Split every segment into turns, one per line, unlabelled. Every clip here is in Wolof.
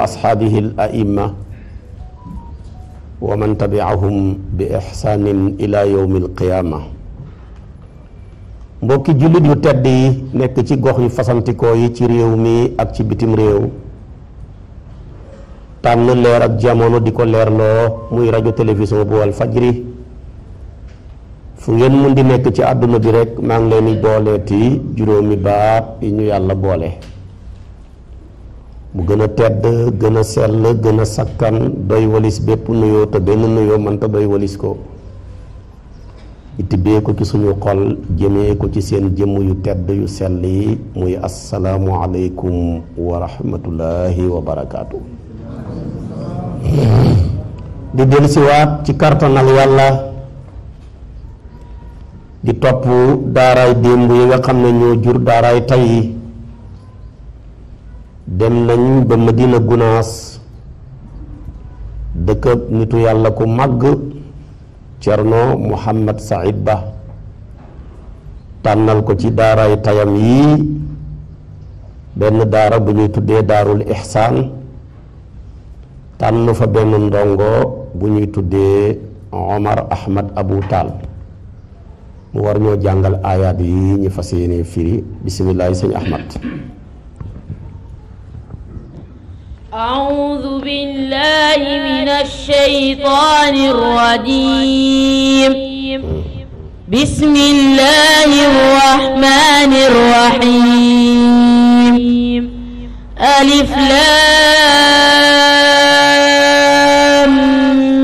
وأصحابه الأئمة ومن تبعهم بإحسان إلى يوم القيامة mbokki julit yu tedd yi nekk ci gox yu fasantikoo yi ci réew mi ak ci bitim réew tànn leer ak jamono di ko lo, muy rajo télévision bu wal fajri fu ngeen mun di nekk ci àdduna bi rek maa ngi leen di booleeti juróomi baat yi ñu yàlla boole mu gën a tedd gën a sell gën a sakkan doy walis bépp nuyoo te benn nuyoo mënta doy walis ko ñu tibbee ko ci suñu xol jëmee ko ci seen jëmm yu tedd yu sell yi muy asalaamu aleykum wa rahmatullahi wa barakaatu. di dellusiwaat ci kartanal yàlla di topp daaraay démb yi nga xam ne ñoo jur daaraay tey. dem nañ ba medina gunas dekk nitu yalla ku mag, cerno muhammad said ba tanal ko ci daaray tayam yi ben dara bu ñuy tuddé darul ihsan tanu fa ben ndongo bu ñuy tuddé omar ahmad abu Tal, mu war ñoo jangal ayat yi ñi fasiyene firi bismillah sëñ ahmad
أعوذ بالله من الشيطان الرجيم بسم الله الرحمن الرحيم ألف لام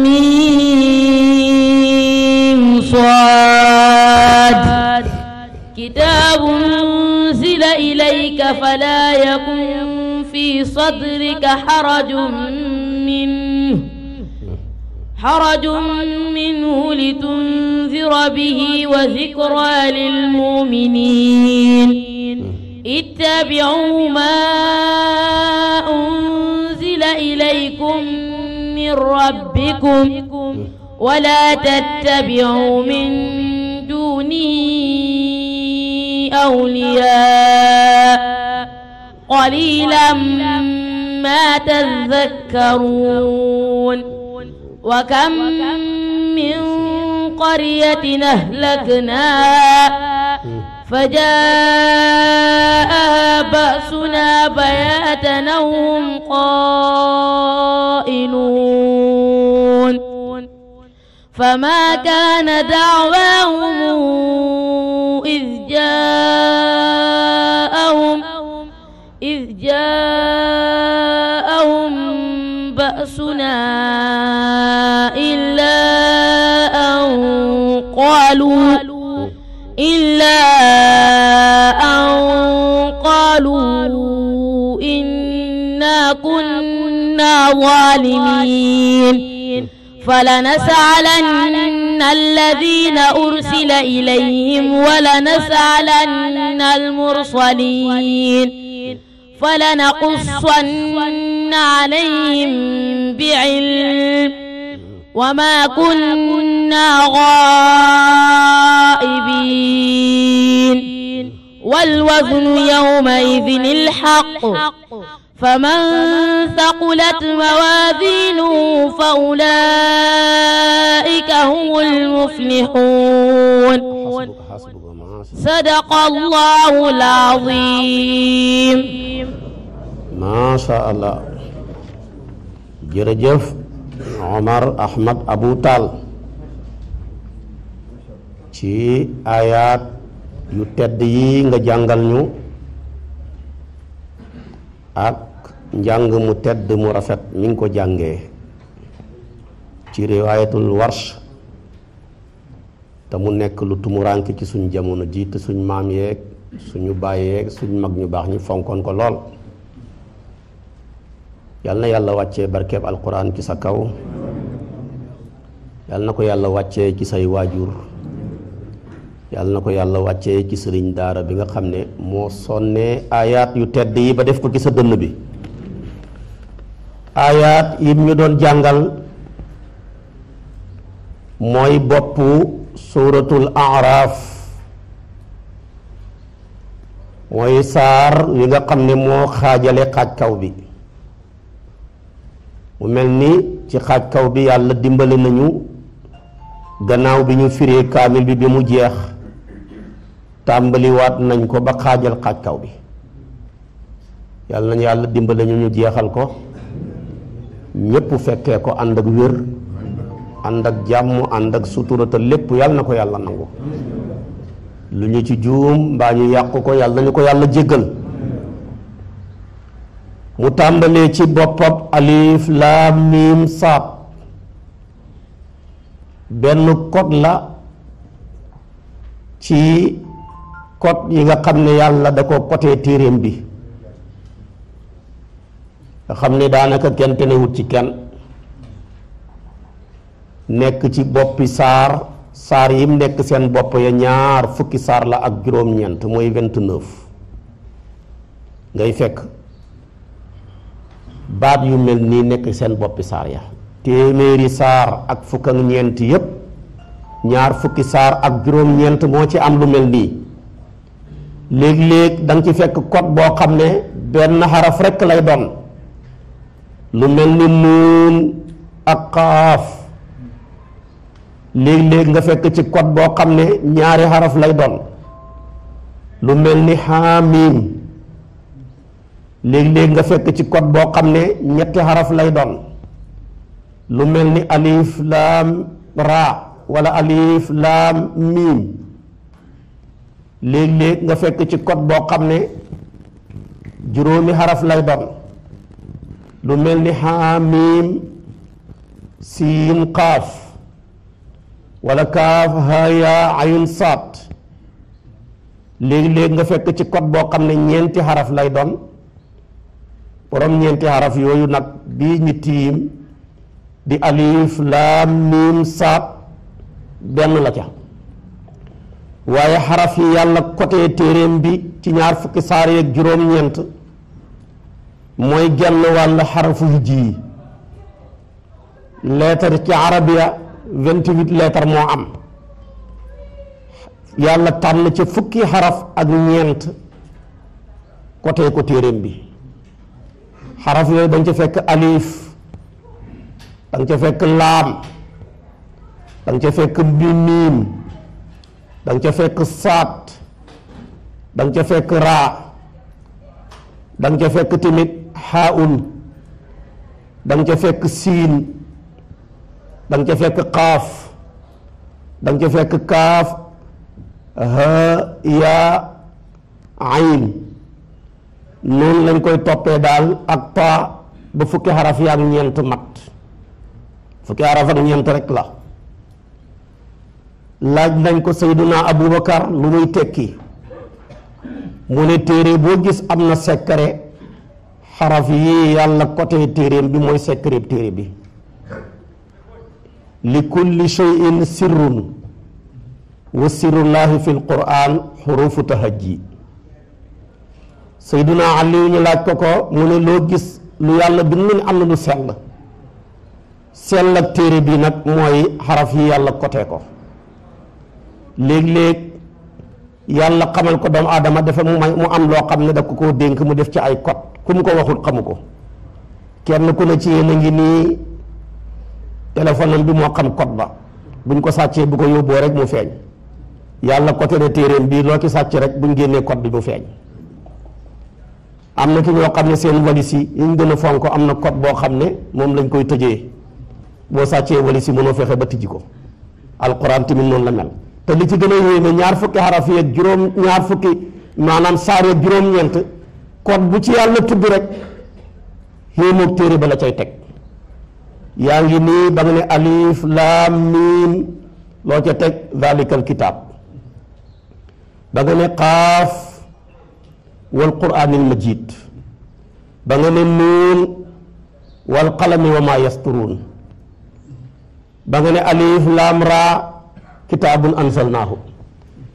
ميم صاد كتاب أنزل إليك فلا يكون في صدرك حرج منه حرج منه لتنذر به وذكرى للمؤمنين اتبعوا ما أنزل إليكم من ربكم ولا تتبعوا من دونه أولياء قليلا ما تذكرون وكم من قرية أهلكناها فجاءها بأسنا بياتا وهم قائلون فما كان دعواهم إذ جاءهم إذ جاءهم بأسنا إلا أن قالوا إلا أن قالوا إنا كنا ظالمين فلنسألن الذين أرسل إليهم ولنسألن المرسلين فلنقصن عليهم بعلم وما كنا غائبين والوزن يومئذ الحق فمن ثقلت موازينه فأولئك هم المفلحون sadaqallaahu l-aziim
maasha allah jërëjëf Omar Ahmad Abu Taal ci ayaat yu tedd yi nga jàngal ñu ak njàng mu tedd mu rafet mi ngi ko jàngee ci riwaayatul warsh te mu nekk lu tumurank ci suñ jamono ji te suñ maam yeeg suñu bàyyeeg suñ mag ñu baax ñi fonkoon ko lool yal na yàlla wàccee barkeeb alquran ci sa kaw yal na ko yàlla wàccee ci say waajur yal na ko yàlla wàccee ci sëriñ daara bi nga xam ne moo sonnee aayaat yu tedd yi ba def ko ci sa dënn bi ayat yim ñu doon jàngal mooy boppu suuratul aaraaf mooy saar wi nga xam ne moo xaajale xaaj kaw bi mu mel ni ci xaaj kaw bi yàlla dimbali nañu gannaaw bi ñu firee kaamil bi bi mu jeex tàmbaliwaat nañ ko ba xaajal xaaj kaw bi yàlla nañu yàlla dimbali ñu ñu jeexal ko ñépp fekkee ko ànd ak wér ànd ak jàmm ànd ak sutura lépp yàlla na ko yàlla nangu lu ñu ci juum mbaa ñu yàq ko yàlla nañu ko yàlla jéggal mu tàmbalee ci boppam alif laam miim saab benn kot la ci code yi nga xam ne yàlla da ko codé téeréem bi nga xam ne daanaka kenn tenewut ci kenn nekk ci boppi saar saar yim nekk seen bopp ya ñaar fukki saar la ak juróom-ñeent mooy vingt-neuf ngay fekk baat yu mel nii nekk seen boppi saar ya téeméeri saar ak fukk ñeent yépp ñaar fukki saar ak juróom-ñeent moo ci am lu mel nii léeg-léeg danga nga ci fekk code boo xam ne benn xaraf rekk lay doon lu mel ni nuun ak xaaf léeg-léeg nga fekk ci code boo xam ne ñaari xaraf lay doon lu mel ni xaamiim léeg-léeg nga fekk ci code boo xam ne ñetti xaraf lay doon lu mel ni alif laam raa wala alif laam miim léeg-léeg nga fekk ci code boo xam ne juróomi xaraf lay doon lu mel ni xaamiim siin qaaf wala kaaf haa yaa ayun saat léegi-léegi nga fekk ci code boo xam ne ñeenti xaraf lay doon borom ñeenti xaraf yooyu nag bii ñu tiim di alif laam saat benn la ca waaye xaraf yi yàlla côté téeréem bi ci ñaar fukki saar yeeg juróom-ñeent mooy genn wàll xarafu hijji yi leetar ci arabiya 28 lettres mo am yalla tan ci fukki haraf ak ñent côté ko téeréem bi haraf yooyu dañ ci fekk alif dañ ci fekk lam dañ ci fekk bi dañ ci fekk saat dañ ci fekk ra dañ ci fekk timit haun dañ ci fekk sin dang ca fekk qaf dang ca fekk ha ya, ain, non lañ koy topé dal ak ta bu fukki xaraf ya ñeent mat fukki xaraf ak ñeent rek la laaj nañ ko sayduna abubakar lu muy tekki mu ne téré bo gis amna secret xaraf yi yalla côté bi moy secret téré bi li kulli cheyin sirrun wa sirrullahi fi lquran xurufu tahajji sayduna aliyu ñu laaj ko ko mu ne loo gis lu yàlla bind ne am na lu sell sell ak téere bi nag mooy xaraf yi yàlla kote ko léeg-léeg yàlla xamal ko doomu adama dafa mu may mu am loo xam ne daf ko dénk mu def ci ay kot ku mu ko waxul xamu ko kenn ku ne ci yéen ngi nii téléphone am bi moo xam code ba buñ ko sàccee bu ko yóbboo rek mu feeñ yàlla côté de téeréem bii noo ci sàcc rek buñ génnee code bi mu feeñ am na ki ñoo xam ne seen walis yi ñu gën a fonk am na code boo xam ne moom lañ koy tëjee boo sàccee walis yi mënoo fexe ba tijji ko alquran tamit noonu la mel te li ci gën a yéeme ñaar fukki xaraf yi juróom ñaar fukki maanaam saar ak juróom-ñeent code bu ci yàlla tudd rek yéemoog téere bi la cay teg yang ni nii ne alif lam mim lo ca tek zalikal kitab ba nga ne qaf wal majid ba nga ne nun wal qalami wa ma yasturun ba nga ne alif lam ra kitabun anzalnahu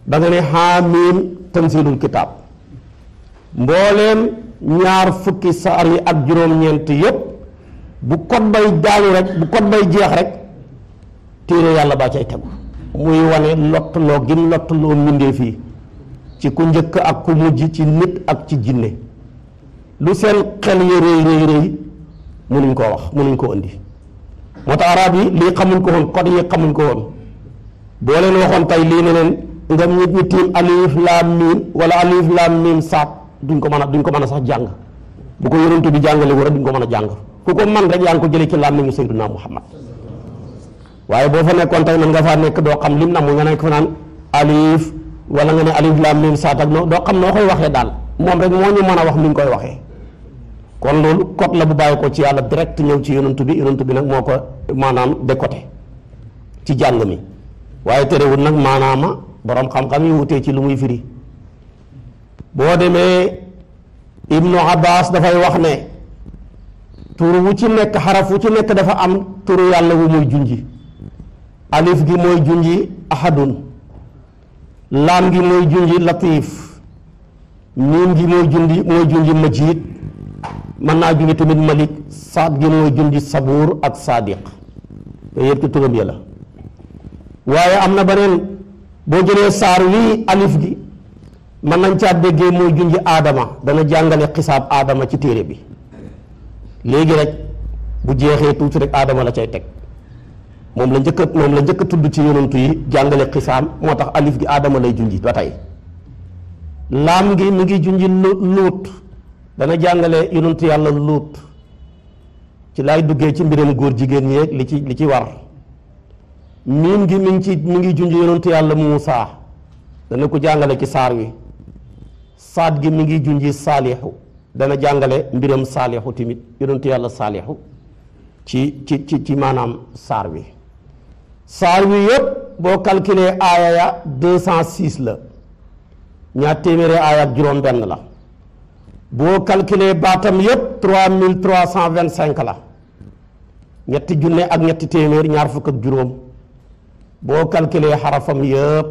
ba nga ne ha mim tanzilul kitab mbooleem ñaar fukki saari ak juroom ñent yépp bu code bay daanu rek bu code bay jeex rek téere yàlla baa cay tegu muy wane lott loo gin lott loo mbindee fii ci ku njëkk ak ku mujj ci nit ak ci jinne lu seen xel ya rëy rëy rëy munuñ koo wax munuñ koo indi moo tax arab yi lii xamuñ ko woon code yi xamuñ ko woon boo leen waxoon tey lii ne leen nga nit ñi tiim alif laam miim wala alif laam miin saat duñ ko mën a duñ ko mën a sax jàng bu ko yonent bi jàngale wu rek duñ ko mën a jàng ku ko man rek yaa ngi ko jëlee ci làmmiñu Seydina Muhammad waaye boo fa nekkoon tey mën nga faa nekk doo xam lim na mu nga nekk fa naan alif wala nga ne alif laam miim saat ak no doo xam noo koy waxee daal moom rek moo ñu mën a wax ni ñu koy waxee kon loolu code la bu bàyyi ko ci yàlla direct ñëw ci yonent bi yonent bi nag moo ko maanaam décoté ci jàng mi waaye terewul nag maanaama borom xam-xam yi wutee ci lu muy firi boo demee Ibnu Abbas dafay wax ne tur wu ci nekk xaraf wu ci nekk dafa am turu yàlla wu muy junji alif gi mooy junji ahadun laam gi mooy junji latif miim gi mooy junji mooy junji majid mën naa junji tamit malik saad gi mooy junji sabuur ak saadiq yooyu ci turam ya la waaye am na beneen boo jëlee saar wii alif gi mën nañ caa déggee mooy junji aadama dana jàngale xisaab aadama ci téere bi léegi rek bu jeexee tuuti rek aadama la cay teg moom la njëkk a moom la njëkk a tudd ci yonantu yi jàngale xisaam moo tax alif gi aadama lay junji ba tey laam gi mu ngi junji luut dana jàngale yonantu yàlla luut ci lay duggee ci mbiram góor jigéen ñi li ci li ci war miim gi mi ngi ci mi ngi junj yonantu yàlla Muusa dana ko jàngale ci saar wi saat gi mi ngi junji saalixu dana jàngale mbiram saalixu tamit yonentu yàlla saalixu ci ci ci ci maanaam saar wi saar wi yëpp boo calculer aaya ya cent six la ñaar téeméeri aaya ak juróom benn la boo calculer baatam yëpp trois mille trois cent vingt cinq la ñetti junne ak ñetti téeméer ñaar fukk ak juróom boo calculer xarafam yëpp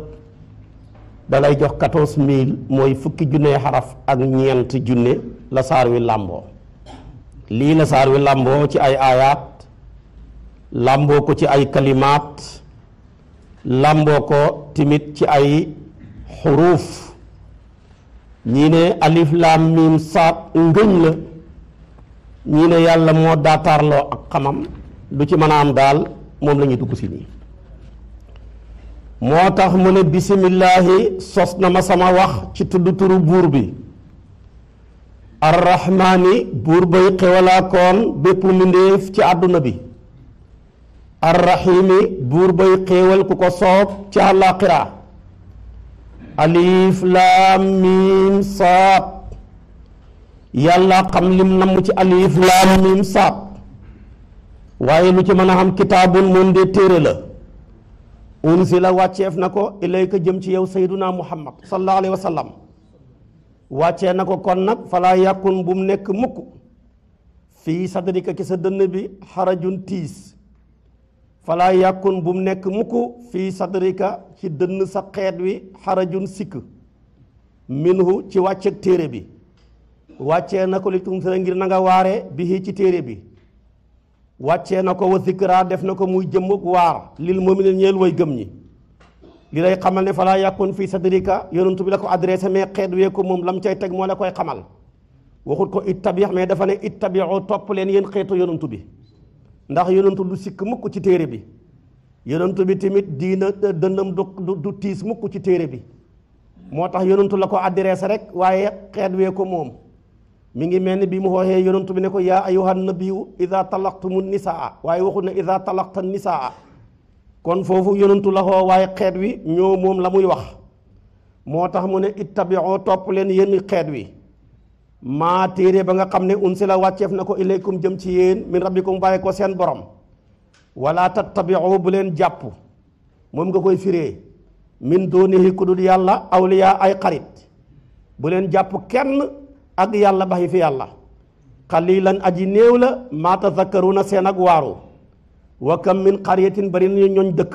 dalay jox quatorze mille mooy fukki junne xaraf ak ñeent junne la saar wi làmboo lii la saar wi làmboo ci ay aayaat làmboo ko ci ay kalimaat làmboo ko timit ci ay xuruuf ñii ne alif miim saat ngëñ la ñii ne yàlla moo daataarloo ak xamam lu ci mën a am daal moom lañuy ñuy dugg si nii moo tax mu ne bisimillahi sos na ma sama wax ci tudd turu buur bi arrahmaani buur bay xewalaa koon bépp mbindéef ci àdduna bi arrahimi buur bay xéewal ku ko soob ci àllaaxira alif saab yàlla xam lim namm ci alif laam saab waaye lu ci mën a xam kitaabun moom de téere la unsila wàcceef na ko ilayka jëm ci yow sayduna muhammad sallallahu alayhi wa sallam wàccee na ko kon nag falaa yàkkun bu mu nekk mukk fii sadrika ci sa dënn bi xarajun tiis falaa yàkkun bu mu nekk mukk fii sadrika ci dënn sa xeet wi xarajun sikk minhu ci wàcceeg téere bi wàccee na ko li tum ngir nanga waare bi ci téere bi wacce na ko wa zikra def na ko muy jëmmug waar lil mu'minin ñeel way gëm ñi li lay xamal ne fala yakun fi sadrika yonentu bi la ko adressé mais xeet wé ko mom lam cey tek mo la koy xamal waxut ko ittabi mais dafa ne ittabiu top len yéen xeetu yonentu bi ndax yonentu du sik mukk ci téré bi yonentu bi timit diina deñum du du tis mukk ci téré bi motax tax yonentu la ko adressé rek waye xeet wé ko mom mi ngi mel ni bii mu xooxee yonantu bi ne ko yaa ayuhan nabiyu ida talaqtumu nisaa waaye waxu ne ida talaqta nisaa kon foofu yonantu la xoo waaye xeet wi ñoo moom la muy wax moo tax mu ne ittabioo topp leen yéen xeet wi maa téere ba nga xam ne unsila wàcceef na ko ilaykum jëm ci yéen min rabbikum bàyyi ko seen borom wala tattabioo bu leen jàpp moom nga koy firee min doonihi ku dul yàlla awliya ay xarit bu leen jàpp kenn ak yàlla baxi fi yàlla xalilan aji néew la maa na seen ak waaru wa kam min xariyatin bari nañu ñooñ dëkk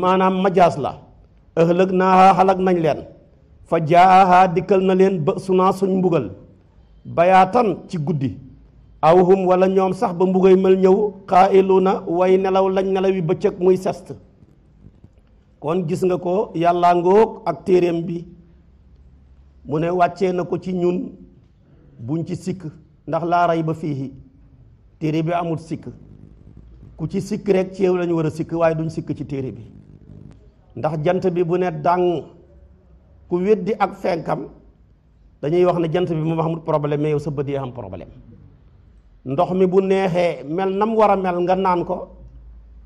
maanaam majaas la ëxlëg naa xalag nañ leen fa jaaha dikkal na leen ba sunaa suñ mbugal bayaatan ci guddi aw hum wala ñoom sax ba mbugay mal ñëw na way nelaw lañ nelawi bëccëg muy sest kon gis nga ko yàllaa ngoog ak téeréem bi mu ne wàcce na ko ci ñun buñ ci sikk ndax laa ray ba fii téere bi amul sikk ku ci sikk rek ci yow lañu war a sikk waaye duñ sikk ci téere bi ndax jant bi bu ne dàng ku weddi ak fenkam dañuy wax ne jant bi moom amul problème mais yow sa bët yi am problème ndox mi bu neexee mel nam war a mel nga naan ko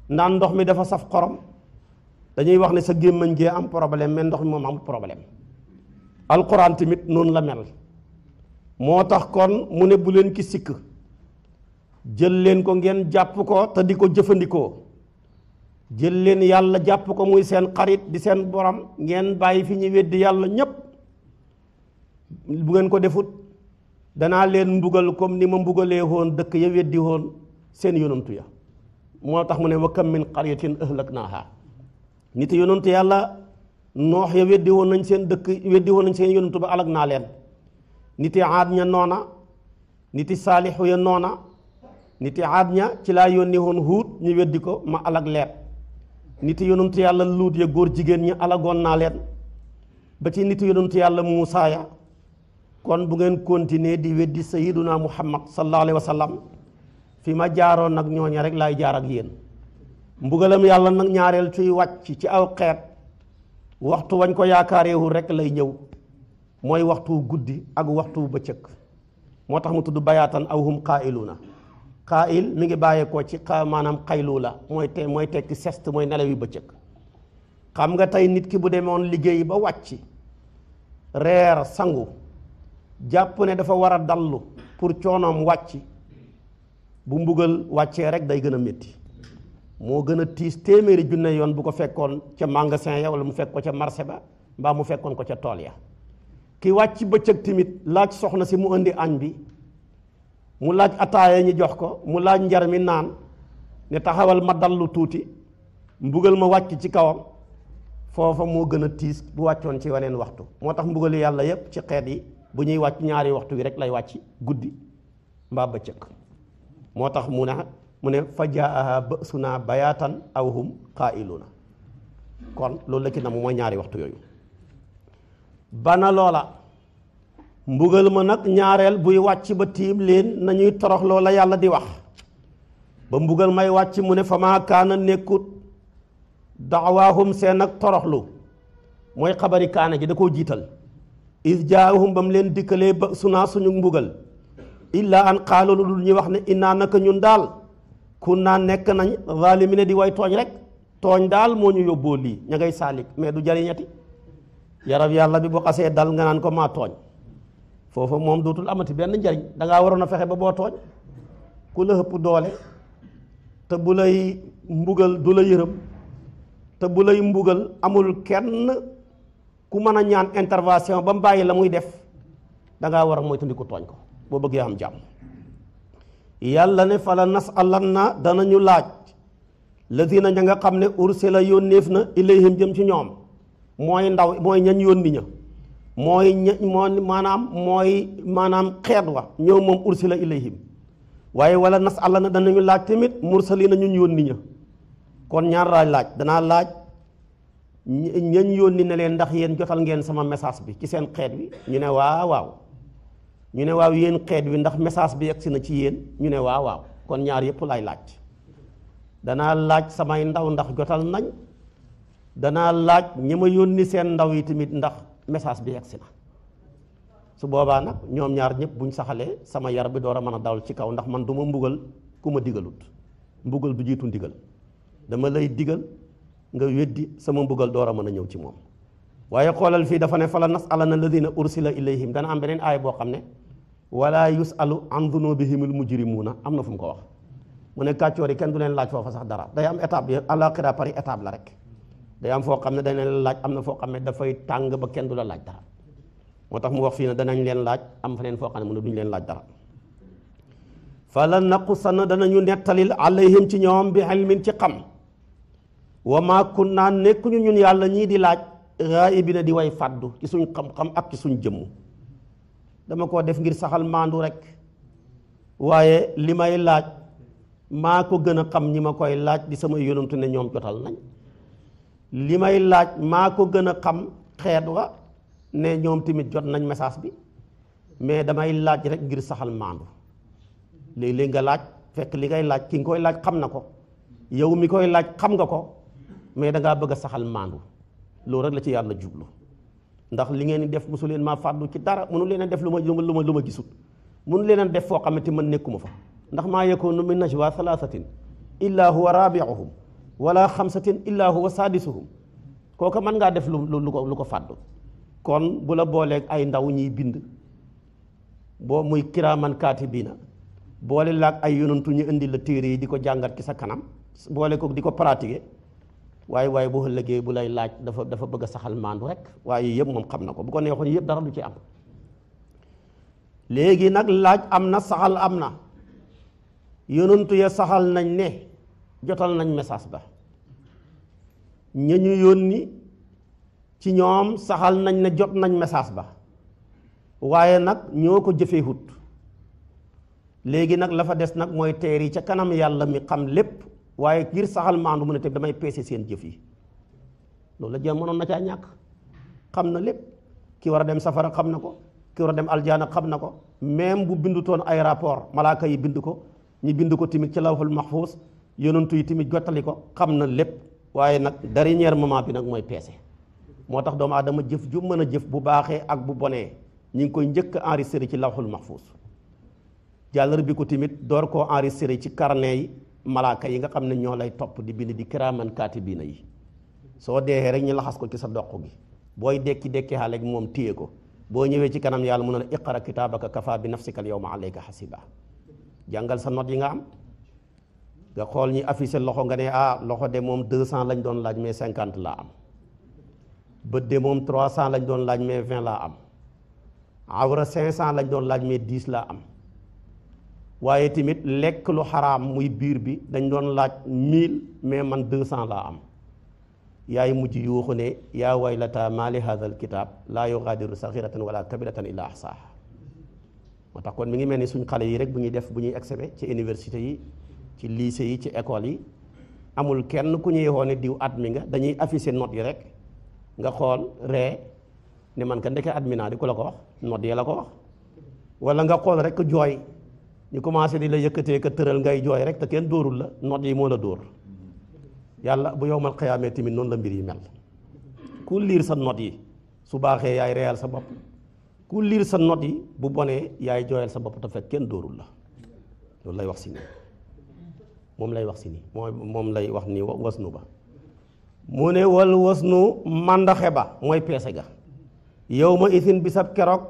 naan ndox mi dafa saf xorom dañuy wax ne sa gémmañ gee am problème mais ndox mi moom amul problème alquran tamit noonu la mel moo tax kon mu ne bu leen ki sikk jël leen ko ngeen jàpp ko te di ko jëfandikoo jël leen yàlla jàpp ko muy seen xarit di seen borom ngeen bàyyi fi ñu weddi yàlla ñépp bu ngeen ko defut danaa leen mbugal comme ni ma mbugalee woon dëkk ya weddi woon seen yonantu ya moo tax mu ne wa kam min qaryatin ahlaknaha nit yonantu yàlla noox ya weddi woon nañ seen dëkk weddi woon nañ seen yonentu ba alag naa leen niti aad ña noona niti saalixu ya noona niti aad ña ci laa yónni woon huut ñu weddi ko ma alag leen niti yonentu yàlla luut ya góor jigéen ñi alagoon naa leen ba ci niti yonentu yàlla muusaa ya kon bu ngeen continuer di weddi sayiduna muhammad sallallahu alayhi wa sallam fi ma jaaroon nag ñooña rek laay jaar ak yéen mbugalam yàlla nag ñaareel cuy wàcc ci aw xeet waxtu wañ ko yaakaareewul rek lay ñëw mooy waxtu guddi ak waxtu bëccëg moo tax ma tudd bayaatan aw hum qaa'iluuna qaa'il mu ngi bàyyeekoo ci xa maanaam la mooy te mooy tekki sest mooy nelaw yu bëccëg xam nga tey nit ki bu demoon liggéey ba wàcc reer sangu jàpp ne dafa war a dallu pour coonoom wàcc bu mbugal wàccee rek day gën a métti mo gëna tiis téméré junne yoon bu ko fekkoon ca magasin ya wala mu fekk ko ca marché ba mbaa mu fekkoon ko ca tool ya ki wàcc bëccëg timit laaj soxna si mu indi añ bi mu laaj ataaya ñi jox ko mu laaj njar mi naan ne taxawal ma dallu tuuti mbugal ma wàcc ci kawam foofa moo gën a tiis bu wàccoon ci waneen waxtu moo tax mbugali yépp ci xeet yi bu ñuy wàcc ñaari waxtu wi rek lay wàcc guddi mbaa bëccëg moo tax mu ne fa jaaha ba'suna bayaatan aw hum qaa'iluuna kon loolu la ci nam mooy ñaari waxtu yooyu bana loola mbugal ma nag ñaareel buy wàcc ba tiim leen nañuy torox la yàlla di wax ba mbugal may wàcc mu ne fa maa kaana nekkut daxawaahum seen ak toroxlu mooy xabari kaana ji da koo jiital is jaahum ba mu leen dikkalee ba sunaa suñu mbugal illaa an xaaloolu dul ñuy wax ne innaa naka ñun daal kun naan nekk nañ mi ne di way tooñ rek tooñ daal moo ñu yóbboo lii ña ngay saalik mais du jariñati yarab yàlla bi bu xasee dal nga naan ko maa tooñ foofa moom dootul amati benn njariñ dangaa waroon a fexe ba boo tooñ ku la ëpp doole te bu lay mbugal du la yërëm te bu lay mbugal amul kenn ku mën a ñaan intervention ba mu bàyyi la muy def dangaa war a moytandiku tooñ ko boo bëggee am jàmm yàlla ne fala nas allan na danañu laaj lazina ña nga xam ne ursila yónneef na ilayhim jëm ci ñoom mooy ndaw mooy ñañ yónni ña mooy ña moo maanaam mooy maanaam xeet wa ñëw moom la ilayhim waaye wala nas alan na danañu laaj tamit mursalina ñun yónni ña kon ñaar laaj laaj danaa laaj ñañ yónni ne leen ndax yéen jotal ngeen sama message bi ci seen xeet bi ñu ne waaw waaw ñu ne waaw yéen xeet wi ndax message bi yegsi na ci yéen ñu ne waaw waaw kon ñaar yëpp laay laaj danaa laaj samay ndaw ndax jotal nañ danaa laaj ñi ma yónni seen ndaw yi tamit ndax message bi yegsi na su boobaa nag ñoom ñaar ñëpp buñ saxalee sama yar bi door a mën a dawul ci kaw ndax man du ma mbugal ku ma digalut mbugal du jiitu ndigal dama lay digal nga weddi sama mbugal door a mën a ñëw ci moom waaye xoolal fii dafa ne fa la nasalana alladina ursila ilayhim dana am beneen aay boo xam ne wala yusalu an dunubihimul mujrimuuna am na fu mu ko wax mu ne kàccoor yi kenn du leen laaj foofa sax dara day am étape yi àllaaxira pari étape la rek day am foo xam ne dañ leen laaj am na foo xam ne dafay tàng ba kenn du la laaj dara moo tax mu wax fii ne danañ leen laaj am feneen foo xam ne mu ne duñ leen laaj dara fa la naqusanna danañu nettalil alayhim ci ñoom bi ilmin ci xam wa maa kunnaa nekkuñu ñun yàlla ñii di laaj ibbi na di way fàddu ci suñ xam-xam ak ci suñ jëmm dama ko def ngir saxal maandu rek waaye li may laaj maa ko gën a xam ñi ma koy laaj di sama yonantu ne ñoom jotal nañ li may laaj maa ko gën a xam xeet wa ne ñoom tamit jot nañ message bi mais damay laaj rek ngir saxal maandu léeg-léeg nga laaj fekk li ngay laaj ki nga koy laaj xam na ko yow mi koy laaj xam nga ko mais dangaa bëgg a saxal maandu loolu rek la ci yàlla jublu ndax li ngeen di def mosu leen maa fàddu ci dara mënu leen a def lu ma lu ma lu ma gisul mënu leen a def foo xamante man nekkuma fa ndax maa yakunu min najwa thalathatin illa huwa rabiuhum wala xamsatin illaa huwa sadisuhum kooka mën ngaa def lu lu ko lu ko fàddu kon bu la booleeg ay ndaw ñuy bind boo muy kiraaman kaatibiina boole laag ay yonantu ñu indi la téere yi di ko jàngat ci sa kanam boole ko di ko pratiquer waaye waaye boo ëllëgee bu lay laaj dafa dafa bëgg a saxal maandu rek waaye yëpp moom xam na ko bu ko neexoon yëpp dara du ci am léegi nag laaj am na saxal am na yonantu ya saxal nañ ne jotal nañ message ba ña ñu yónni ci ñoom saxal nañ ne jot nañ message ba waaye nag ñoo ko jëfee hut léegi nag la fa des nag mooy teer yi ca kanam yàlla mi xam lépp waaye ngir saxal mandu mu ne tamit damay peese seen jëf yi loolu la mënoon na caa ñàkk xam na lépp ki war a dem safara xam ko ki war a dem aljana xam ko même bu bindutoon ay rapport malaaka yi bind ko ñi bind ko timit ci lawful mahfuz yonentu yi timit jotali ko xam na lépp waaye nag dernier moment bi nag mooy peese moo tax doomu aadama jëf ju mën a bu baaxee ak bu bonee ñi ngi koy njëkk enregistré ci lawful mahfuz jàllar bi ko timit door koo enregistré ci carnet yi malaaka yi nga xam ne ñoo lay topp di bind di kiraaman kaatibiina yi soo dee rek ñu laxas ko ci sa doq gi booy dekki dekki xaaleeg moom téye ko boo ñëwee ci kanam yàlla mun na la iqra kitaabaka kafaa bi nafsika al yawma alayka xasiba jàngal sa note yi nga am nga xool ñi affiché loxo nga ne ah loxo de moom deux cent lañ doon laaj mais cinquante laa am bët de moom trois cent lañ doon laaj mais vingt laa am awra cinq lañ doon laaj mais dix laa am waaye tamit lekk lu xaraam muy biir bi dañ doon laaj mille mais man deux cent laa am yaay mujj yuuxu ne yaa waylata maa li haadal kitaab laa yugaadiru saxiratan wala kabiratan illa saa moo tax kon mi ngi mel ni suñ xale yi rek bu ñuy def bu ñuy exceller ci université yi ci lycée yi ci école yi amul kenn ku ñuy woone diw admis nga dañuy afficher notes yi rek nga xool ree ne man ka ndeke admis di ku la ko wax notes yi la ko wax wala nga xool rek jooy ñu commencé di la yëkkatee ka tëral ngay jooy rek te kenn dóorul la not yi moo la dóor yàlla bu yowmal xiyaamee tamit noonu la mbir yi mel ku liir sa not yi su baaxee yaay reyal sa bopp ku liir sa not yi bu bonee yaay jooyal sa bopp te fekk kenn dóorul la loolu lay wax si nii moom lay wax si nii mooy moom lay wax nii was wasnu ba mu ne wal nu màndaxe ba mooy peese ga yow ma bi bisab keroog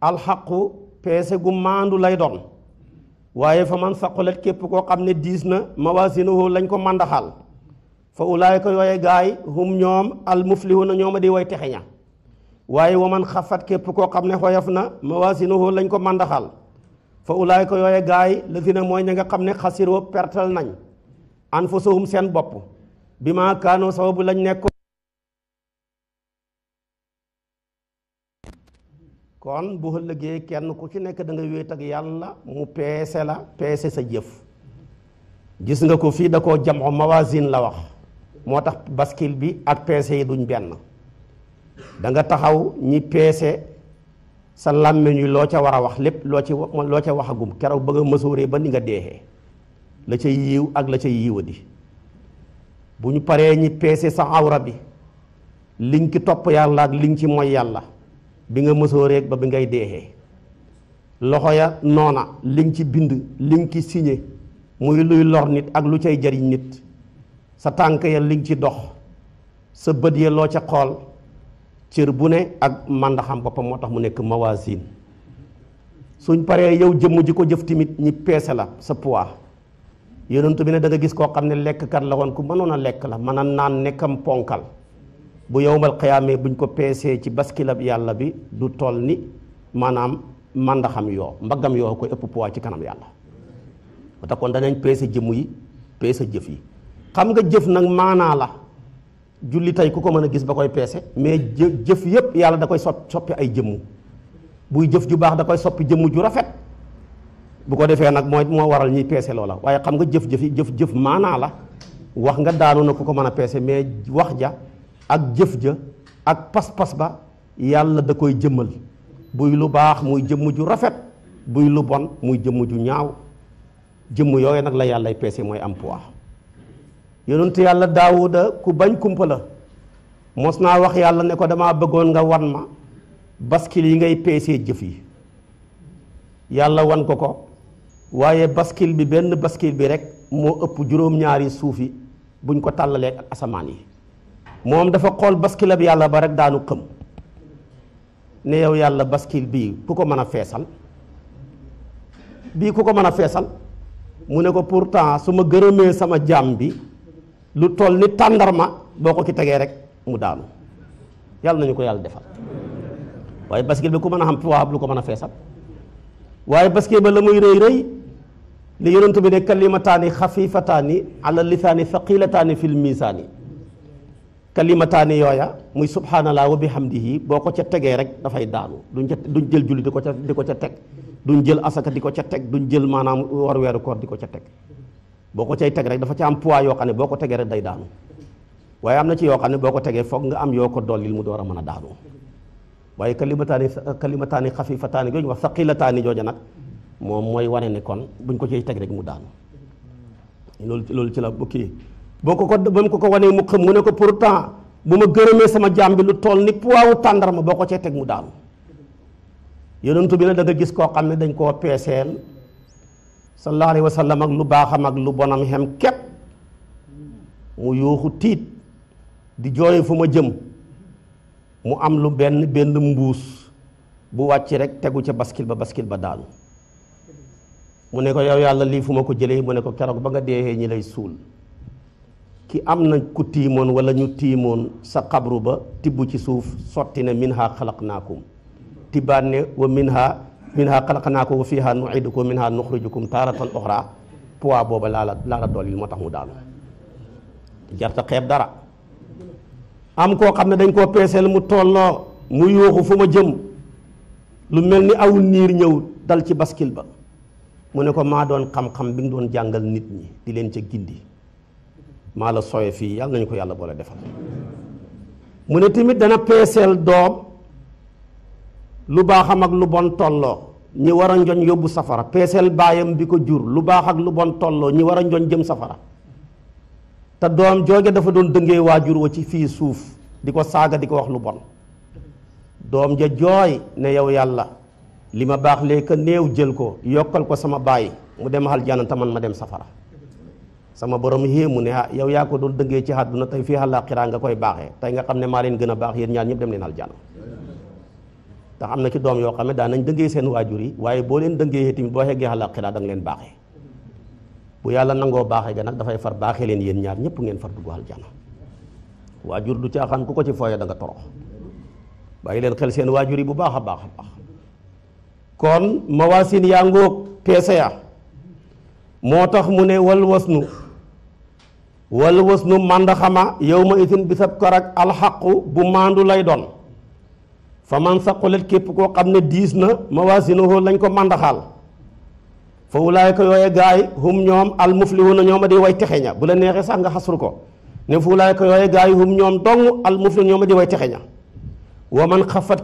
alxaqu peese gu maandu lay doon waaye fa man saqulat képp koo xam ne diis na mawaasinuhu lañ ko màndaxal fa ulaayika yooye gaay hum ñoom al muflihuna ñooma di way texe waaye wa man xafat képp koo xam ne xoyof na mawaasinuhu lañ ko màndaxal fa ulaayika yooye gaay lazina mooy ña nga xam ne xasiroo pertal nañ an anfusahum seen bopp bi maa kaanoo sababu lañ nekk kon bu ëllëgee kenn ku ci nekk da nga wéet ak yàlla mu peese la peese sa jëf gis nga ko fii da koo jamoo mawasine la wax moo tax baskil bi ak peese yi duñ benn danga taxaw ñi peese sa làmmiñ wi loo ca war a wax lépp loo ci loo ca waxagum keroog bëgg a mësooree ba ni nga deexee la ca yiiw ak la ca yiiwadi bu ñu paree ñi peese sa awra bi liñ topp yàlla ak liñ ci mooy yàlla bi nga mësoo reeg ba bi ngay deexee loxo ya noona li ci bind li nga ci signé muy luy lor nit ak lu cay jariñ nit sa tànk ya li ci dox sa bët ya loo ca xool cër bu ne ak màndaxam boppam moo tax mu nekk mawasin suñ paree yow jëmm ji ko jëf tamit ñi peese la sa poids yonentu bi ne danga gis koo xam ne lekkkat la woon ku mënoon a lekk la mën a naan nekkam ponkal bu yow yowmal xiyaamee buñ ko peesee ci baskilab yàlla bi du toll ni maanaam màndaxam yoo mbaggam yoo koy ëpp poids ci kanam yàlla ba kon danañ peese jëmm yi peese jëf yi xam nga jëf nag maanaa la julli tey ku ko mën a gis ba koy peese mais jëf yépp yàlla da koy sop ay jëmm buy jëf ju baax da soppi jëmm ju rafet bu ko defee nag mooy moo waral ñuy peese loola waaye xam nga jëf-jëf jëf maanaa la wax nga daanu na ku ko mën a peese mais wax ja ak jëf ja ak pas-pas ba yàlla da koy jëmmal buy lu baax muy jëmm ju rafet buy lu bon muy jëmm ju ñaaw jëmm yooyu nag la yàllay peese mooy am poids yonent yàlla daawuda ku bañ kumpa la mos naa wax yàlla ne ko damaa bëggoon nga wan ma baskil yi ngay peese jëf yi yàlla wan ko ko waaye baskil bi benn baskil bi rekk moo ëpp juróom-ñaari suuf yi buñ ko tàllalee ak asamaan yi mom dafa xol baskilab yalla ba rek daanu xam ne yow yalla baskil bi, ku ko mën a feesal ku ko ko pourtant suma geureume sama jam bi lu toll ni tandarma boko ki tege rek mu daanu yalla nañu ko yalla defal waye baskil bi ku meuna xam tuwaab lu ko meuna fessal waye baskil ba lamuy reey reey li yonentou bi ne kalimatani khafifatani ala lisani thaqilatani fil mizani kalimataani yooya muy subhanallah wa bihamdihi boo ko ca tegee rek dafay daanu duñ ca duñ jël julli di ko ca di ko ca teg duñ jël asaka di ko ca teg duñ jël maanaam war weeru koor di ko ca teg boo ko cay teg rek dafa ca am poids yoo xam ne boo ko tegee rek day daanu waaye am na ci yoo ne boo ko tegee foog nga am yoo ko dool yi mu door a mën a daanu waaye kalimataani kalimataani xafifataani jooju wax saqilataani jooja nag moom mooy wane ne kon buñ ko cay teg rek mu daanu loolu loolu ci la bu boko ko bam ko ko wone mu xam mu ne ko pourtant buma ma sama jam bi lu toll ni poiwu tandarma boko ci tek mu daanu yonentou bi ne daga gis ko xamne dañ koo sallallahu alaihi wasallam, ak lu baaxam ak lu bonam hem kep mu yuuxu tit di joye fuma jëm mu am lu ben ben mbuus bu wacc rek teggu ci baskil ba baskil ba daanu mu ne ko yow yalla li fuma ko jele mu ne ko ba nga dehe ñi lay sul ki am na ku tiimoon wala ñu tiimoon sa xabru ba tibb ci suuf sotti ne minha xalaqnaakum tibbaat ne wa minha minha xalaqnaakum wa fiha nuidukum minha nuxrijukum taaratan booba laa la laa la dool yi moo tax mu daanu jarta xeeb dara am koo xam ne dañ koo peeseel mu tolloo mu yuuxu fu ma jëm lu mel ni aw niir ñëw dal ci baskil ba mu ne ko maa doon xam-xam bi nga doon jàngal nit ñi di leen ca gindi maa la sooye fii yàlla nañu ko yàlla boole defal mu ne tamit dana peeseel doom lu baaxam ak lu bon tolloo ñi war a njoñ yóbbu safara peeseel baayam bi ko jur lu baax ak lu bon tolloo ñi war a njoñ jëm safara te doom jooge dafa doon dëngee waajur wa ci fii suuf di ko saaga di ko wax lu bon doom ja jooy ne yow yàlla li ma baax léegi néew jël ko yokkal ko sama baay mu dem aljana te man ma dem safara sama borom yéemu ya, ya ne ah yow ya ko doon dëggee ci àdduna tey fii àllaaxira nga koy baxé tay nga xamné ma leen gëna bax yeen ñaan ñep dem leen aljana ndax am na ci doom yo xamné da nañ dëggee seen waajur yi waaye leen dëggee tamit boo xeggee àllaaxira da nga leen baxé bu yalla nango baxé ga da fay far baxé leen yeen ñaar ñep ngeen far aljana wajur du ku ko ci foye da nga torox bayi leen xel seen wajuri bu baxa baxa bax kon mawasin yaa pesa ya motax mu ne wal wasnu wala wës nu màndaxama yow ma itin bisab korag alxaqu bu maandu lay doon fa man saqulet képp koo xam ne diis na ma mawaasinuhu lañ ko màndaxaal fa wulaay ko yooye gaay hum ñoom al muflihuna ñoom a di way texe ña bu la neexee sax nga xasru ko ne fa wulaay ko yooye gaay hum ñoom dong al muflihuna ñoom a di way texe ña wa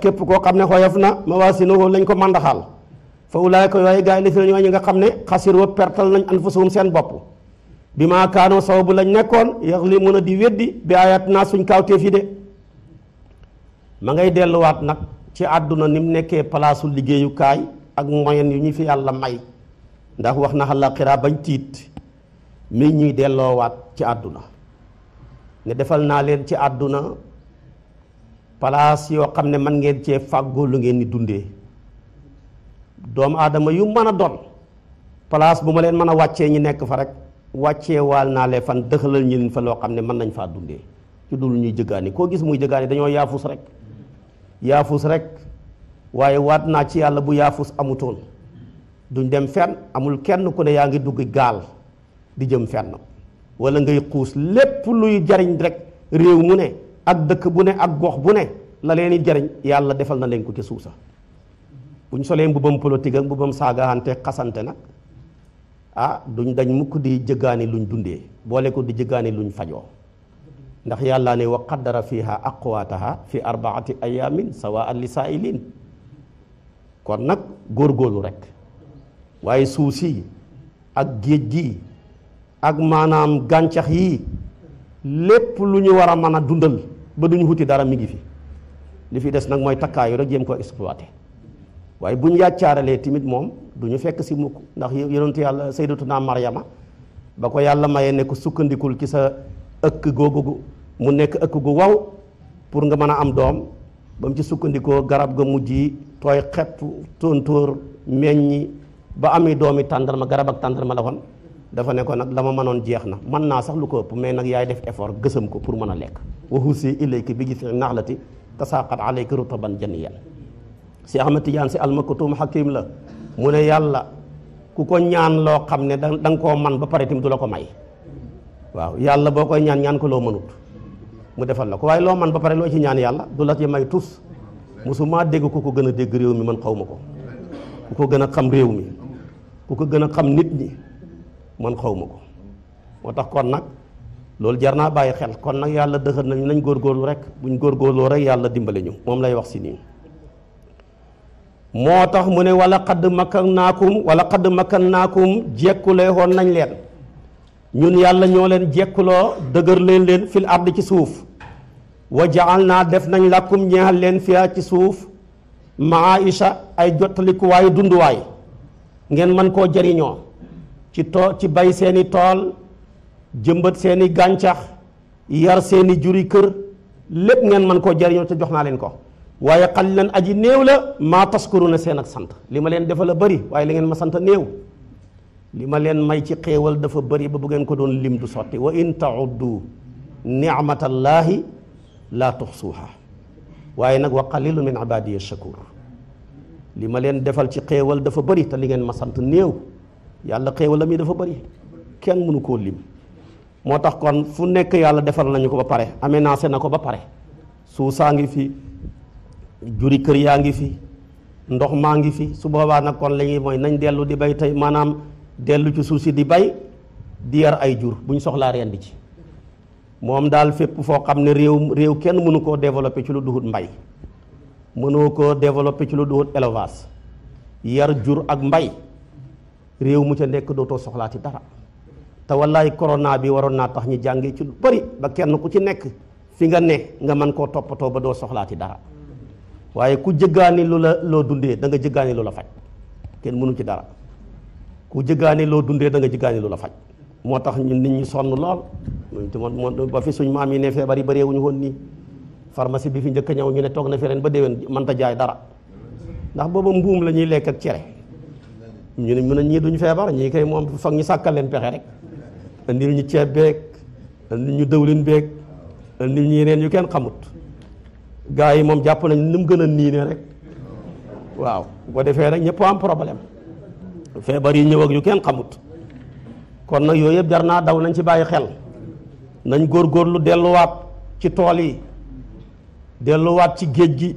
képp koo xam ne xoyof na mawaasinuhu lañ ko màndaxaal fa wulaay ko yooye gaay la fi na ñoo ñi nga xam ne xasir wa pertal nañ anfusahum seen bopp bi maa kaanoo bu lañ nekkoon yax li mën a di weddi bi ayat naa suñ kawteef yi de ma ngay delluwaat nag ci àdduna ni mu nekkee palaasu liggéeyukaay ak moyen yu ñu fi yàlla may ndax wax na xalaa xiraa bañ tiit mi ñuy delloowaat ci àdduna ne defal naa leen ci àdduna palaas yoo xam ne man ngeen cee fàggoo lu ngeen di dundee doomu aadama yu mën a doon palaas bu ma leen mën a wàccee ñi nekk fa rek wàcce waal naa leen fan dëxalal ñin fa loo xam ne mën nañ faa dundee ci dul ñuy jëgaani koo gis muy jëgaani dañoo yaafus rek yaafus rek waaye waat naa ci yàlla bu yaafus amutoon duñ dem fenn amul kenn ku ne yaa ngi dugg gaal di jëm fenn wala ngay xuus lépp luy jariñ rek réew mu ne ak dëkk bu ne ak gox bu ne la leen yi jariñ yàlla defal na leen ko ci suusa buñ solee mbubam politique ak mbubam saagaante xasante nag ah duñ dañ mukk di jëggaani luñ dundee boole ko di jëggaani luñ fajoo ndax yàlla ne wa qaddara fiha aqwaataha fi arbaati ayamin sawaan li saailin kon nag góor góorgóorlu rek waaye suuf si ak géej gi ak maanaam gàncax yi lépp lu ñu war a mën a dundal ba duñu wuti dara mi ngi fi li fi des nag mooy takkaayu rek jéem koo exploité waye buñu ñu timit mom duñu fekk ci mukk ndax yaronte yalla sayyidatuna Maryama ba yalla maye mayee ne ko sukkandikul ci sa ëkk googu mu nekk ëkk gu waw pour nga mëna am doom bam ci sukkandiko garab ga mujji toy xep tontor meññi ba amé doomi tandarma garab ak tandarma la woon dafa ne ko nag la ma man na sax lu ko ëpp mais nak yaay def effort gësam ko pour mëna wohusi wa husi ilayki bi gis naxlati tasaqat alayka rutaban janiyan si Ahmad Tijaan si almaktum hakim la mu ne yàlla ku ko ñaan loo xam ne da nga koo man ba pare tamit du la ko may waaw yàlla boo koy ñaan ñaan ko loo mënut mu defal la ko waaye loo man ba pare loo ci ñaan yàlla du la ci may tus musuma dégg ku ko gën a dégg réew mi man xaw ma ko ku ko gën a xam réew mi ku ko gën a xam nit ñi man xaw ma ko moo tax kon nag loolu jar naa bàyyi xel kon nag yàlla dëxal nañ nañ góorgóorlu rek buñ góorloo rek yàlla dimbali ñu moom lay wax si nii moo tax mu ne wala xadd makkan naakum wala xadd makkan naakum jekkulee woon nañ leen ñun yàlla ñoo leen jekkuloo dëgër leen leen fil ard ci suuf wa jaal naa def nañ làkkum ñeexal leen fiyaa ci suuf maisha ay jottalikuwaayu dunduwaay ngeen mën koo jariñoo ci to ci bay seeni tool jëmbat seeni gàncax yar seeni juri kër lépp ngeen mën koo jariñoo te jox naa leen ko waaye xallan aji néew la maa taskuruna seen ak sant li ma leen defal a bëri waaye li ngeen ma sant néew li ma leen may ci xéewal dafa bëri ba bu ngeen ko doon lim du sotti wa in tauddu nicmatallahi la tuxsuha waaye nag wa qalilu min ibadiya shakur li ma leen defal ci xéewal dafa bëri te li ngeen ma sant néew yàlla xéewal mi dafa bëri kenn mënu koo lim moo tax kon fu nekk yàlla defal nañu ko ba pare aménacé na ko ba pare suusaa ngi fi juri kër yaa ngi fi ndox maa ngi fi su boobaa nag kon lañuy mooy nañ dellu di bay tey maanaam dellu ci suuf di bay di yar ay jur buñ soxlaa rendi ci moom daal fépp foo xam ne réew réew kenn mënu koo développé ci lu duhut mbay mënoo koo développé ci lu duhut élevage yar jur ak mbay réew mu ca nekk dootoo soxlaati dara te wallaay corona bi waroon naa tax ñu jàngee ci lu bari ba kenn ku ci nekk fi nga ne nga man koo toppatoo ba doo soxlaati dara waaye ku jëggaani lu la loo dundee danga nga jëggaani lu la faj kenn mënu ci dara ku jëggaani loo dundee da nga jëggaani lu la faj moo tax ñun nit ñi sonn lool moom ba fi suñ maam yi ne bari wuñu woon nii pharmacie bi fi njëkk ñëw ñu ne toog na fi ren ba déwén mënta jaay dara ndax booba mbuum la ñuy lekk ak cere ñu ne mën a ñii duñu feebar ñii kay moom foog ñu sàkkal leen pexe rek andil ñu ceeb beeg andil ñu dëwlin beeg andil ñu yeneen yu kenn xamut gaay yi moom jàpp nañ ni mu gën a niine rek waaw bu ko defee nag ñëpp am problème feebar yi ñëw ak yu kenn xamut kon nag yooyu yëpp jar naa daw nañ ci bàyyi xel nañ góorgóorlu delluwaat ci tool yi delluwaat ci géej gi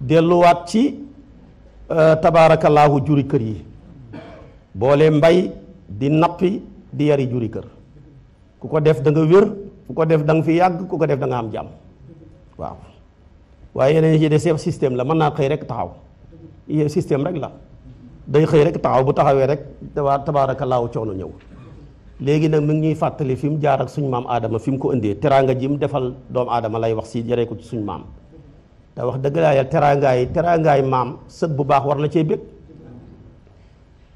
delluwaat ci euh, juri kër yi boole mbay di nappi di yari juri kër ku ko def da nga wér ku ko def da nga fi yàgg ku ko def da nga am jàmm waaw waaye yeneen yi de yëpp système la mën naa xëy rek taxaw système rek la day xëy rek taxaw bu taxawee rek dawaa tabaarakallaahu coono ñëw léegi nag mi ngi ñuy fàttali fi mu jaar ak suñu maam aadama fi mu ko indee teraanga ji mu defal doomu aadama lay wax si jëree ko ci suñu maam te wax dëgg laa yàlla teraangaay maam sët bu baax war na cee bég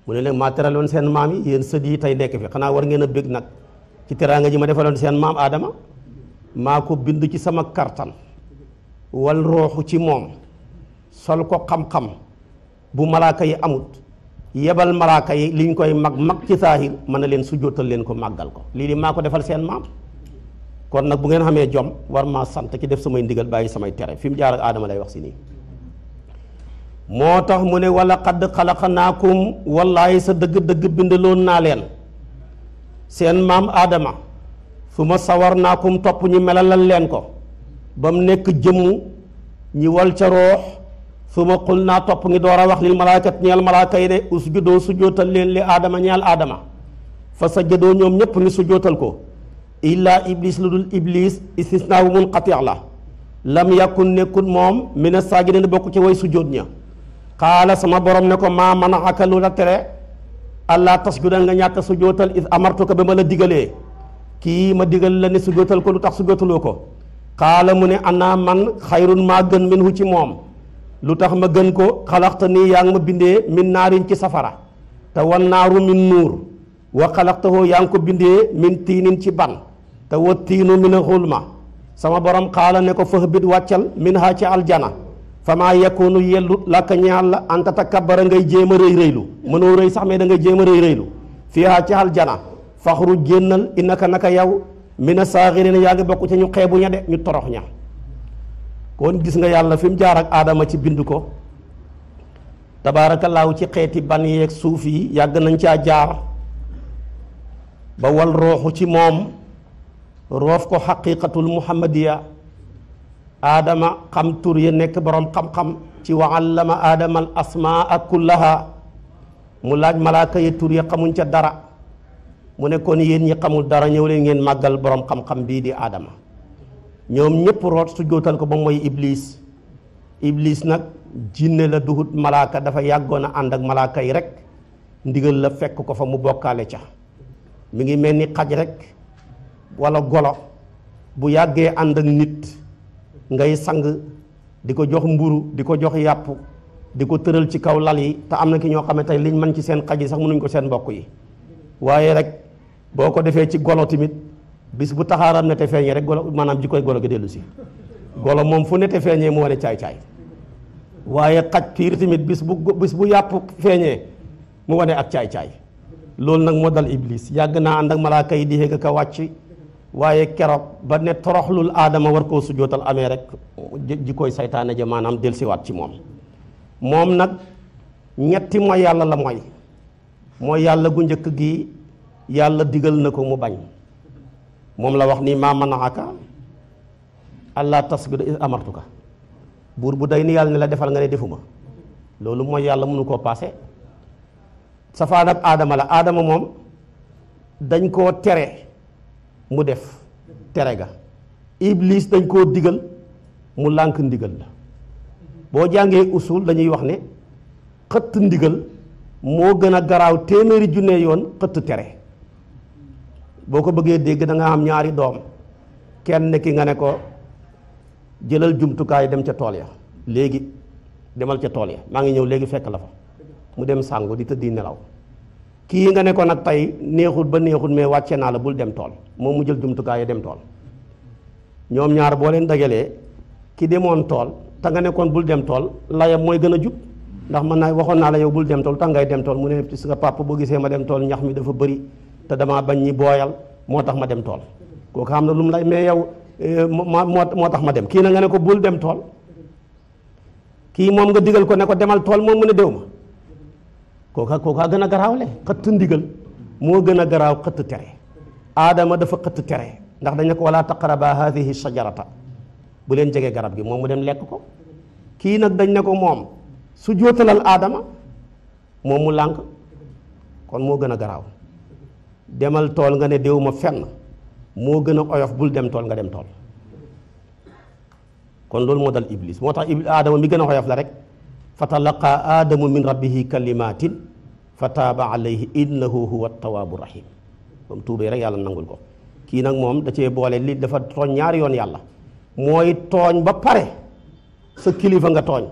mu ne nag maa teraloon seen maam yi yéen sët yi tey nekk fi xanaa war ngeen a bég nag ci teraanga ji ma defaloon seen maam aadama maa ko bind ci sama kartan wal rooxu ci moom sol ko xam-xam bu malaaka yi amut yebal malaaka yi liñ koy mag mag ci saahir mën na leen sujjóotal leen ko màggal ko lii li maa ko defal seen maam kon nag bu ngeen xamee jom war maa sant ci def samay ndigal bàyyi samay tere fi mu jaar ak aadama lay wax si nii moo tax mu ne wala xadd xalaqnaakum wallaay sa dëgg-dëgg bindaloon naa leen seen maam aadama fu ma sawar naa naakum topp ñu melalal leen ko ba mu nekk jëmm ñi wal ca roox su ma xul naa topp ngi door a wax lil malaakat ñeel malaaka yi de usjudoo sujootal leen li aadama ñeel aadama fa sajadoo ñoom ñépp ngi sujootal ko illaa iblis lu dul iblis istisnaawu munqati' la lam yakun nekkul moom mina saajidina bokk ci way sujjóot ña xaala sama borom ne ko maa manaaka lu la tere allah tasjuda nga ñàkk sujootal is amartuka ba ma la digalee kii ma digal la ne sujootal ko lu tax sujootaloo ko xaala mu ne annaa man xayrun maa gën min hu ci moom lu tax ma gën ko xalaxta nii yaa ngi ma bindee min naarin ci safara te wan naaru min nuur wa xalaxtahoo yaa ngi ko bindee min tiinin ci ban te wa tiinu min a xulma sama borom xaala ne ko fëx bit wàccal min ha ci aljana fa maa yakunu yellut làkka ñaal la anta takabbara ngay jéem a rëy rëylu mënoo rëy sax mais da ngay jéem a rëy rëylu fii ci aljana faxru génnal innaka naka yow mina saaxirina yaa ngi bokk ci ñu xeebu ña de ñu torox ña kon gis nga yàlla fi mu jaar ak aadama ci bind ko tabaarakallaahu ci xeeti ban yeeg suuf yi yàgg nañ caa jaar ba wal rooxu ci moom roof ko xaqiqatul muhammadiya aadama xam tur ya nekk boroom xam-xam ci wa allama aadama al asmaa kullaha mu laaj malaaka ya tur ya xamuñ ca dara mu nekkoon kon yéen ñi xamul dara ñëw leen ngeen màggal borom xam-xam bii di aadama ñoom ñëpp root su ko ba mooy iblis iblis nag jinne la duhut malaaka dafa yàggoon a ànd ak malaaka yi rek ndigal la fekk ko fa mu bokkaale ca mu ngi mel ni xaj rek walla golo bu yàggee ànd ak nit ngay sang di ko jox mburu di ko jox yàpp di ko tëral ci kaw lal yi te am na ki ñoo xam ne tey liñ mën ci seen xaj yi sax mënuñ ko seen mbokk yi waaye rek boko defé ci golo timit bis bu na nete feeñee rek golo manam jikoy golo gi delusi golo mom fu nete feeñee mo wara chay chay waye xaj timit bis bu bis bu yap feeñee mu wone ak chay chay lol nak mo dal iblis yag na and ak malaika yi di xéeg ka wacc waye kero ba ne toroxlul adama war ko sujotal amé rek jikoy koy je manam delsi wat ci mom mom nak ñetti mo yalla la moy yalla gu gi yalla digal nako mu bañ mom la wax ni mama manaka allah tasgud amartuka bur bu day ni yalla ni la defal nga ne defuma loolu mooy yàlla mënu koo paase safaanab aadama la mudef mom dañ ko téré mu def téré ga iblis dañ ko digal mu lank ndigal la bo jangé usul dañuy wax ne xëtt ndigal mo gëna a téméri junné yoon xëtt boo ko bëggee dégg da am ñaari doom kenn ki nga ne ko jëlal jumtukaay dem ca tool ya léegi demal ca tool ya maa ngi ñëw léegi fekk la fa mu dem sàngu di tëddi nelaw kii nga ne ko nag tey neexut ba neexut mais wàcce naa la bul dem tool moom mu jël jumtukaay ya dem tool ñoom ñaar boo leen dajalee ki demoon tool te nga nekkoon bul dem tool layam mooy gën a jub ndax man naa waxoon naa la yow bul dem tool tax ngay dem tool mu ne ci sa papa boo gisee ma dem tool ñax mi dafa bëri te damaa bañ ñi booyal moo tax ma dem tool kooku xam na lu mu lay mais yow eh, moo moo tax ma dem kii na nga ne ko bul dem tool kii moom nga digal ko ne ko demal tool moom mu ne dew ma kooka kooka gën a garaawle xëtt ndigal moo gën a garaaw xëtt tere aadama dafa xëtt ndax dañ ne ko wala taqraba hadihi shajarata bu leen jege garab gi moom mu dem lekk ko kii nag dañ ne ko moom su jootalal aadama moom mu lànk kon moo gën a garaaw demal tol nga ne deewuma fenn mo gën oyof bul dem tol nga dem tol kon lol mo dal iblis moo tax iblis adam mi gën oyof la rek fatalaqa adam min rabbihi kalimatin fataba alayhi innahu huwa at-tawwabur rahim moom tuubee rek yàlla nangul ko ki nak mom da cee boole li dafa togn ñaar yoon yàlla moy togn ba pare sa kilifa nga togn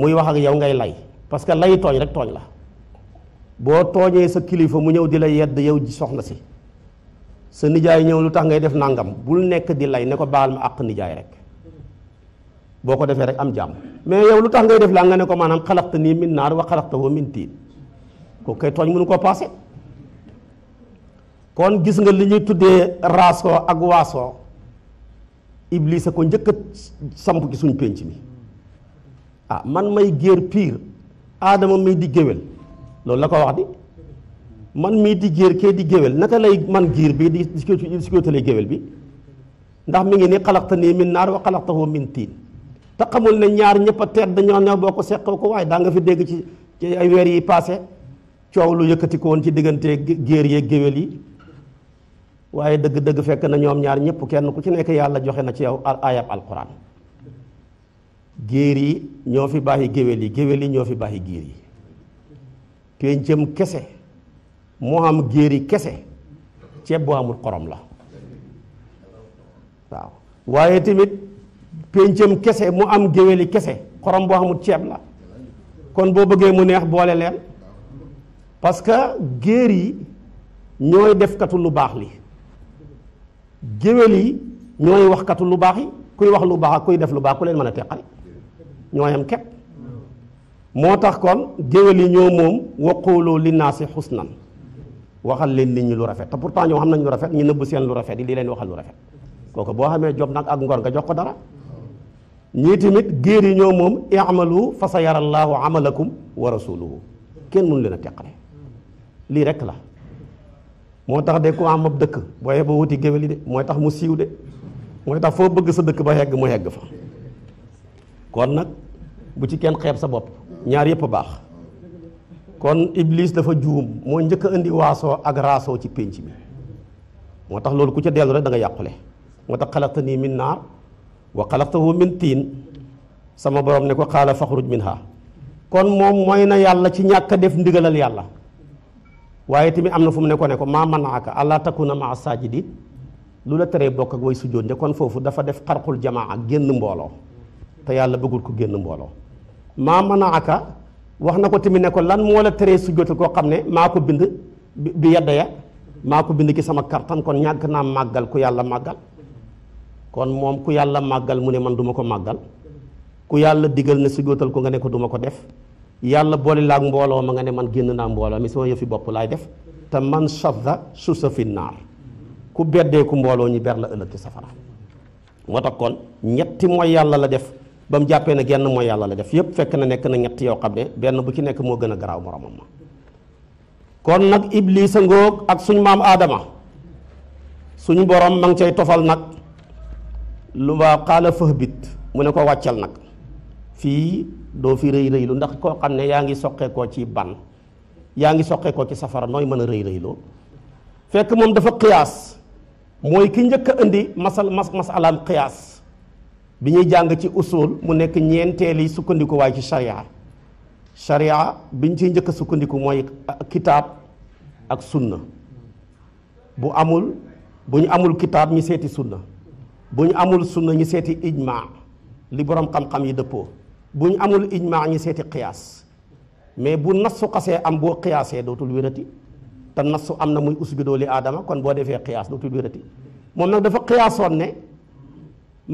muy wax ak yow ngay lay parce que lay togn rek togn la boo tooñee sa kilifa mu ñëw di la yedd yow ji soxna si sa nijaay ñëw lu tax ngay def nangam bul nekk di lay ne ko baal ma àq nijaay rek boo ko defee rek am jàmm mais yow lu tax ngay def laa ne ko maanaam xalaxta nii min naar wa xalaxta wa min tiin ko koy tooñ mënu koo paase kon gis nga li ñuy tuddee raso ak waaso iblis a ko njëkk a samp ci suñ pénc mi ah man may géer piir aadama mi di géwél loolu la ko wax di man mii di géer kee di géwél naka lay man giir bi di si kóotale géwél bi ndax mu ngi ni xalaxta nii min naar wa xalaxtahu min tiin te xamul ne ñaar ñëpp a teet dañoo ne boo ko seqoo ko waaye daa nga fi dégg ci ay weer yi passé coow lu yëkkati ci diggante géer yee géwél yi waaye dëgg-dëgg fekk na ñoom ñaar ñëpp kenn ku ci nekk yàlla joxe na ci yow ayab alquran géer yi ñoo fi baaxi géwél yi géwél yi ñoo fi baaxi giir yi pencam kese moo am géer yi kese ceeb boo amul xorom la waaw waaye tamit pencam kese mu am géwéli kese xorom boo amul ceeb la kon boo bëggee mu neex boole leen parce que géer yi ñooy defkatu lu baax li géwél yi ñooy waxkatu lu baax yi kuy wax lu baax ak kuy def lu baax ku leen mën a teqale ñooyam képp moo tax kon géwél yi ñoo moom waqulu linnaasi xusnan waxal leen nit ñi lu rafet te pourtant ñoo xam nañ lu rafet ñu nëbb seen lu rafet yi di leen waxal lu rafet kooku boo xamee jot nag ak ngor nga jox ko dara ñii tamit géer yi ñoo moom i'malu fa sa yara llaahu amalakum wa rasuluhu kenn mënu leen a teqale lii rek la moo tax de ku am ab dëkk boo yeboo wuti géwél yi de mooy tax mu siiw de mooy tax foo bëgg sa dëkk ba yegg mu yegg fa kon nag bu ci kenn xeeb sa bopp ñaar yëpp baax kon Iblis dafa juum moo njëkk a indi waasoo ak raasoo ci pénc mi moo tax loolu ku ca dellu rek da nga yàqule moo tax xalaqta nii min naar wa xalaqtahu min tiin sama borom ne ko xaala faxruj minha kon moom mooy na yàlla ci ñàkk def ndigalal yàlla waaye tamit am na fu mu nekkoo ko ne ko maa manaaka allaa takuna maa saajidin lu la teree bokk ak way sujjóot kon foofu dafa def xarqul jamaa génn mbooloo te yàlla bëggul ko génn mbooloo maa manaaka wax na ko tamit ne ko lan moo la teree sujjóotal koo xam ne maa ko bind bi yadda ya maa ko bind ki sama kartan kon ñàkk naa màggal ku yàlla màggal kon moom ku yàlla màggal mu ne man duma ko màggal ku yàlla digal ne sujjóotal ko nga ne ko duma ko def yàlla boole laag mbooloo ma nga ne man génn naa mbooloo mi sama yëfi bopp laay def te man shadda susa fi naar ku beddee ku mbooloo ñi ber la ëllëg ci safara moo tax kon ñetti mooy yàlla la def bam jappé jàppee ne genn mooy yàlla la def yépp fekk na nek na ñett yo xamné benn bu ci nek mo gëna graw moromam kon nak iblis ngok ak suñu mam adama suñu borom mang cey tofal nak. lu ba qala fahbit mu ne ko waccal nak fi do fi reey lu ndax ko xam yaangi soxé ko ci ban yaangi soxé ko ci safara noy mëna reey reey lo fekk mom dafa qiyas moy ki ñëk masal mas masalan kias. bi ñuy jàng ci usul mu nekk ñeenteeli sukkandiku waaye ci sharia sharia biñ ciy njëkk a sukkandiku mooy kitaab ak sunna bu amul bu ñu amul kitaab ñu seeti sunna bu ñu amul sunna ñu seeti ijma li borom xam-xam yi dëppoo bu ñu amul ijma ñu seeti qiyaas mais bu nassu xasee am boo qiyaasee dootul wérati te nassu am na muy usbidoo li aadama kon boo defee qiyaas dootul wérati moom nag dafa qiyaasoon ne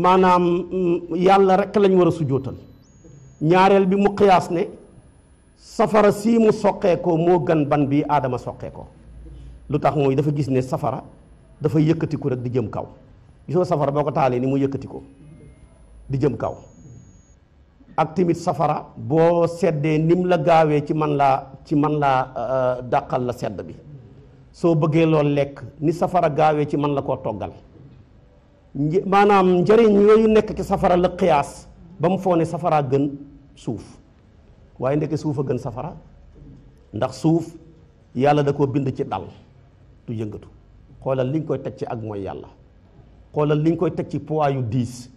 maanaam mm, yàlla rek lañ war a sujjóotal ñaareel bi mu xiyaas ne safara sii mu soqee ko moo gën ban bi aadama soqee ko lu tax mooy dafa gis ne safara dafa yëkkatiku rek di jëm kaw gisoo safara boo ko taalee ni mu yëkkati di jëm kaw ak tamit safara boo seddee nim la gaawee ci man laa ci man laa euh, dàqal la sedd bi soo bëggee loolu lekk ni safara gaawee ci man la ko toggal maanaam njëriñ yooyu nekk ci safara la xiyaas ba mu foo ne safaraa gën suuf waaye ndeke suuf a gën safara ndax suuf yàlla da koo bind ci dal du yëngatu xoolal li ñu koy teg ci ak mooy yàlla xoolal li ñu koy teg ci poids yu diis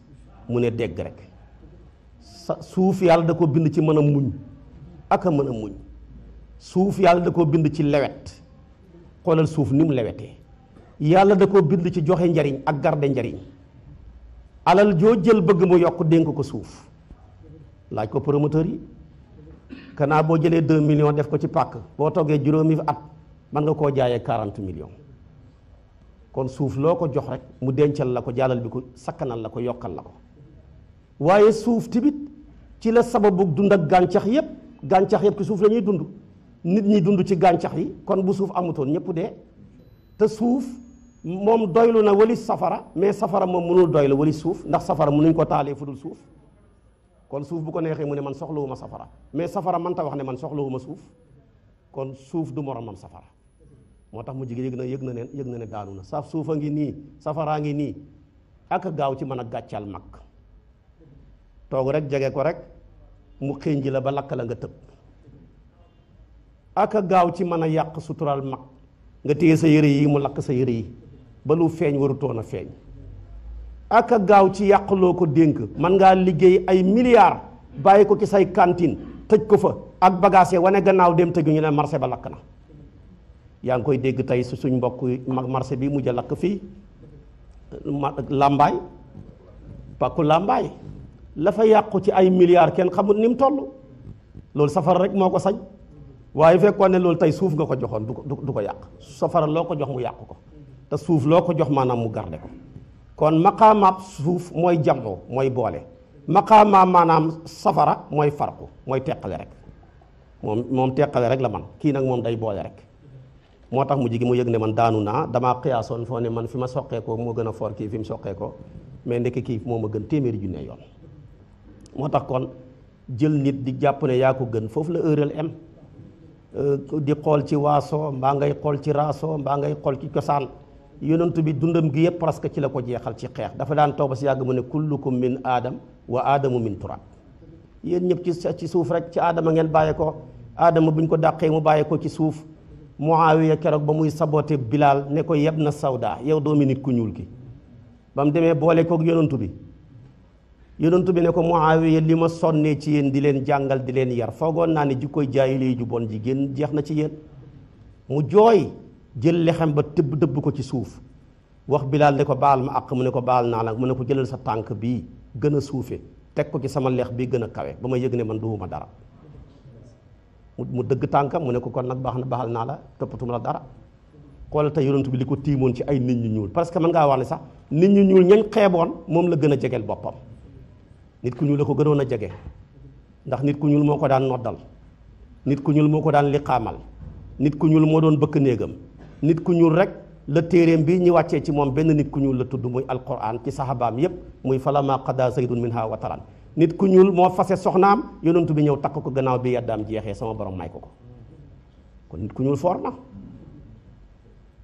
mu ne dégg rek sa suuf yàlla da koo bind ci mën a muñ ak mën a muñ suuf yàlla da koo bind ci lewet xoolal suuf ni mu lewetee yalla da ko bind ci joxe njariñ ak garde njariñ alal jo jël bëgg mu yok denk ko suuf laaj ko promoteur yi kana bo jëlee 2 millions def ko ci pak bo toggee juróomi at man nga ko 40 millions kon suuf loko jox rek mu dencal lako jalal bi ko sakanal lako yokal lako waye ko waaye suuf ci la sababu dund ak yeb yeb ci suuf lañuy dund nit ñi dund ci yi kon bu suuf amutoon ñepp de te suuf mom doylu na walis safara mais safara mom munu doylu walis suuf ndax safara munu ko talé fudul suuf kon suuf bu ko nexé mu man soxlawuma safara mais safara man ta wax ne man soxlawuma suuf kon suuf du moromam safara motax mu jigi yegna na yëg na ne yëg na ne na suufa ngi ni safara ngi ni ak gaaw ci man ak gatchal mak toog rek jege ko rek mu xéñji la ba lakala nga tepp ak gaaw ci man a sutural mak, nga téye sa yéré yi mu lak sa yéré yi ba lu feeñ warutoon a feeñ ak gaaw ci yàqloo ko dénk man ngaa liggéey ay milliards bàyyi ko ci say cantine tëj ko fa ak bagage wane gannaaw dem tëju ñu ne marché ba lakk na yaa ngi koy dégg tey su suñ mbokk mag marché bi mujj a lakk fii làmbaay pàkku làmbaay la fa yàqu ci ay milliards kenn xamul ni mu toll loolu safara rek moo ko sañ waaye fekkoon ne loolu tey suuf nga ko joxoon du ko du ko yàq safara loo ko jox mu yàq ko te suuf loo ko jox maanaam mu garde ko kon maqaamaab suuf mooy jamxu mooy boole maqaamaa maanaam safara mooy farqu mooy teqale rek moom moom teqale rek la man kii nag moom day boole rek moo tax mu gi mu yëg ne man daanu naa damaa xiyaasoon foo ne man fi ma soqee ko moo gën a foor kii fi mu soqee ko mais ndekk kii moo ma gën téeméeri junne yoon moo tax kon jël nit di jàpp ne yaa ko gën foofu la ëural am euh, di xool ci waaso mbaa ngay xool ci raaso mbaa ngay xool ci cosaan yonentu bi dundam gi yëpp presque ci la ko jeexal ci xeex dafa daan toog ba si yàgg mu ne kullukum min aadam wa aadamu min turab yéen ñëpp ci ci suuf rek ci aadama ngeen bàyyee ko aadama buñ ko dàqee mu bàyyee ko ci suuf Muawiya keroog ba muy saboté Bilaal ne ko yeb na sawda yow doomi nit ku ñuul gi ba mu demee boole kook yonentu bi yonentu bi ne ko Muawiya li ma sonnee ci yéen di leen jàngal di leen yar foogoon naa ne jikkoy jaayile ju bon ji génn jeex na ci yéen mu jooy jël lexam ba tëb dëbb ko ci suuf wax bilaal ne ko baal ma àq mu ne ko baal naa la mu ne ko jëlal sa tànk bii gën a suufe teg ko ci sama lex bii gën a kawe ba ma yëg ne man duuma dara mu dëgg tànkam mu ne ko kon nag baax na baaxal naa la toppatuma la dara xoolal te yonent bi li ko tiimoon ci ay nit ñu ñuul parce que mën ngaa wax ne sax nit ñu ñuul ñañ xeeboon moom la gën a jegeel boppam nit ku ñuul la ko gënoon a jege ndax nit ku ñuul moo ko daan noddal nit ku ñuul moo ko daan liqaamal nit ku ñuul moo doon bëkk néegam nit ku ñuul rek la téeréem bi ñi wàccee ci moom benn nit ku ñuul la tudd muy alquran ci sahabaam yépp muy falama qada zaydun minha wataran nit ku ñuul moo fase soxnaam yonentu bi ñëw takk ko gannaaw bi yaddaam jeexee sama borom may ko ko kon nit ku ñuul for na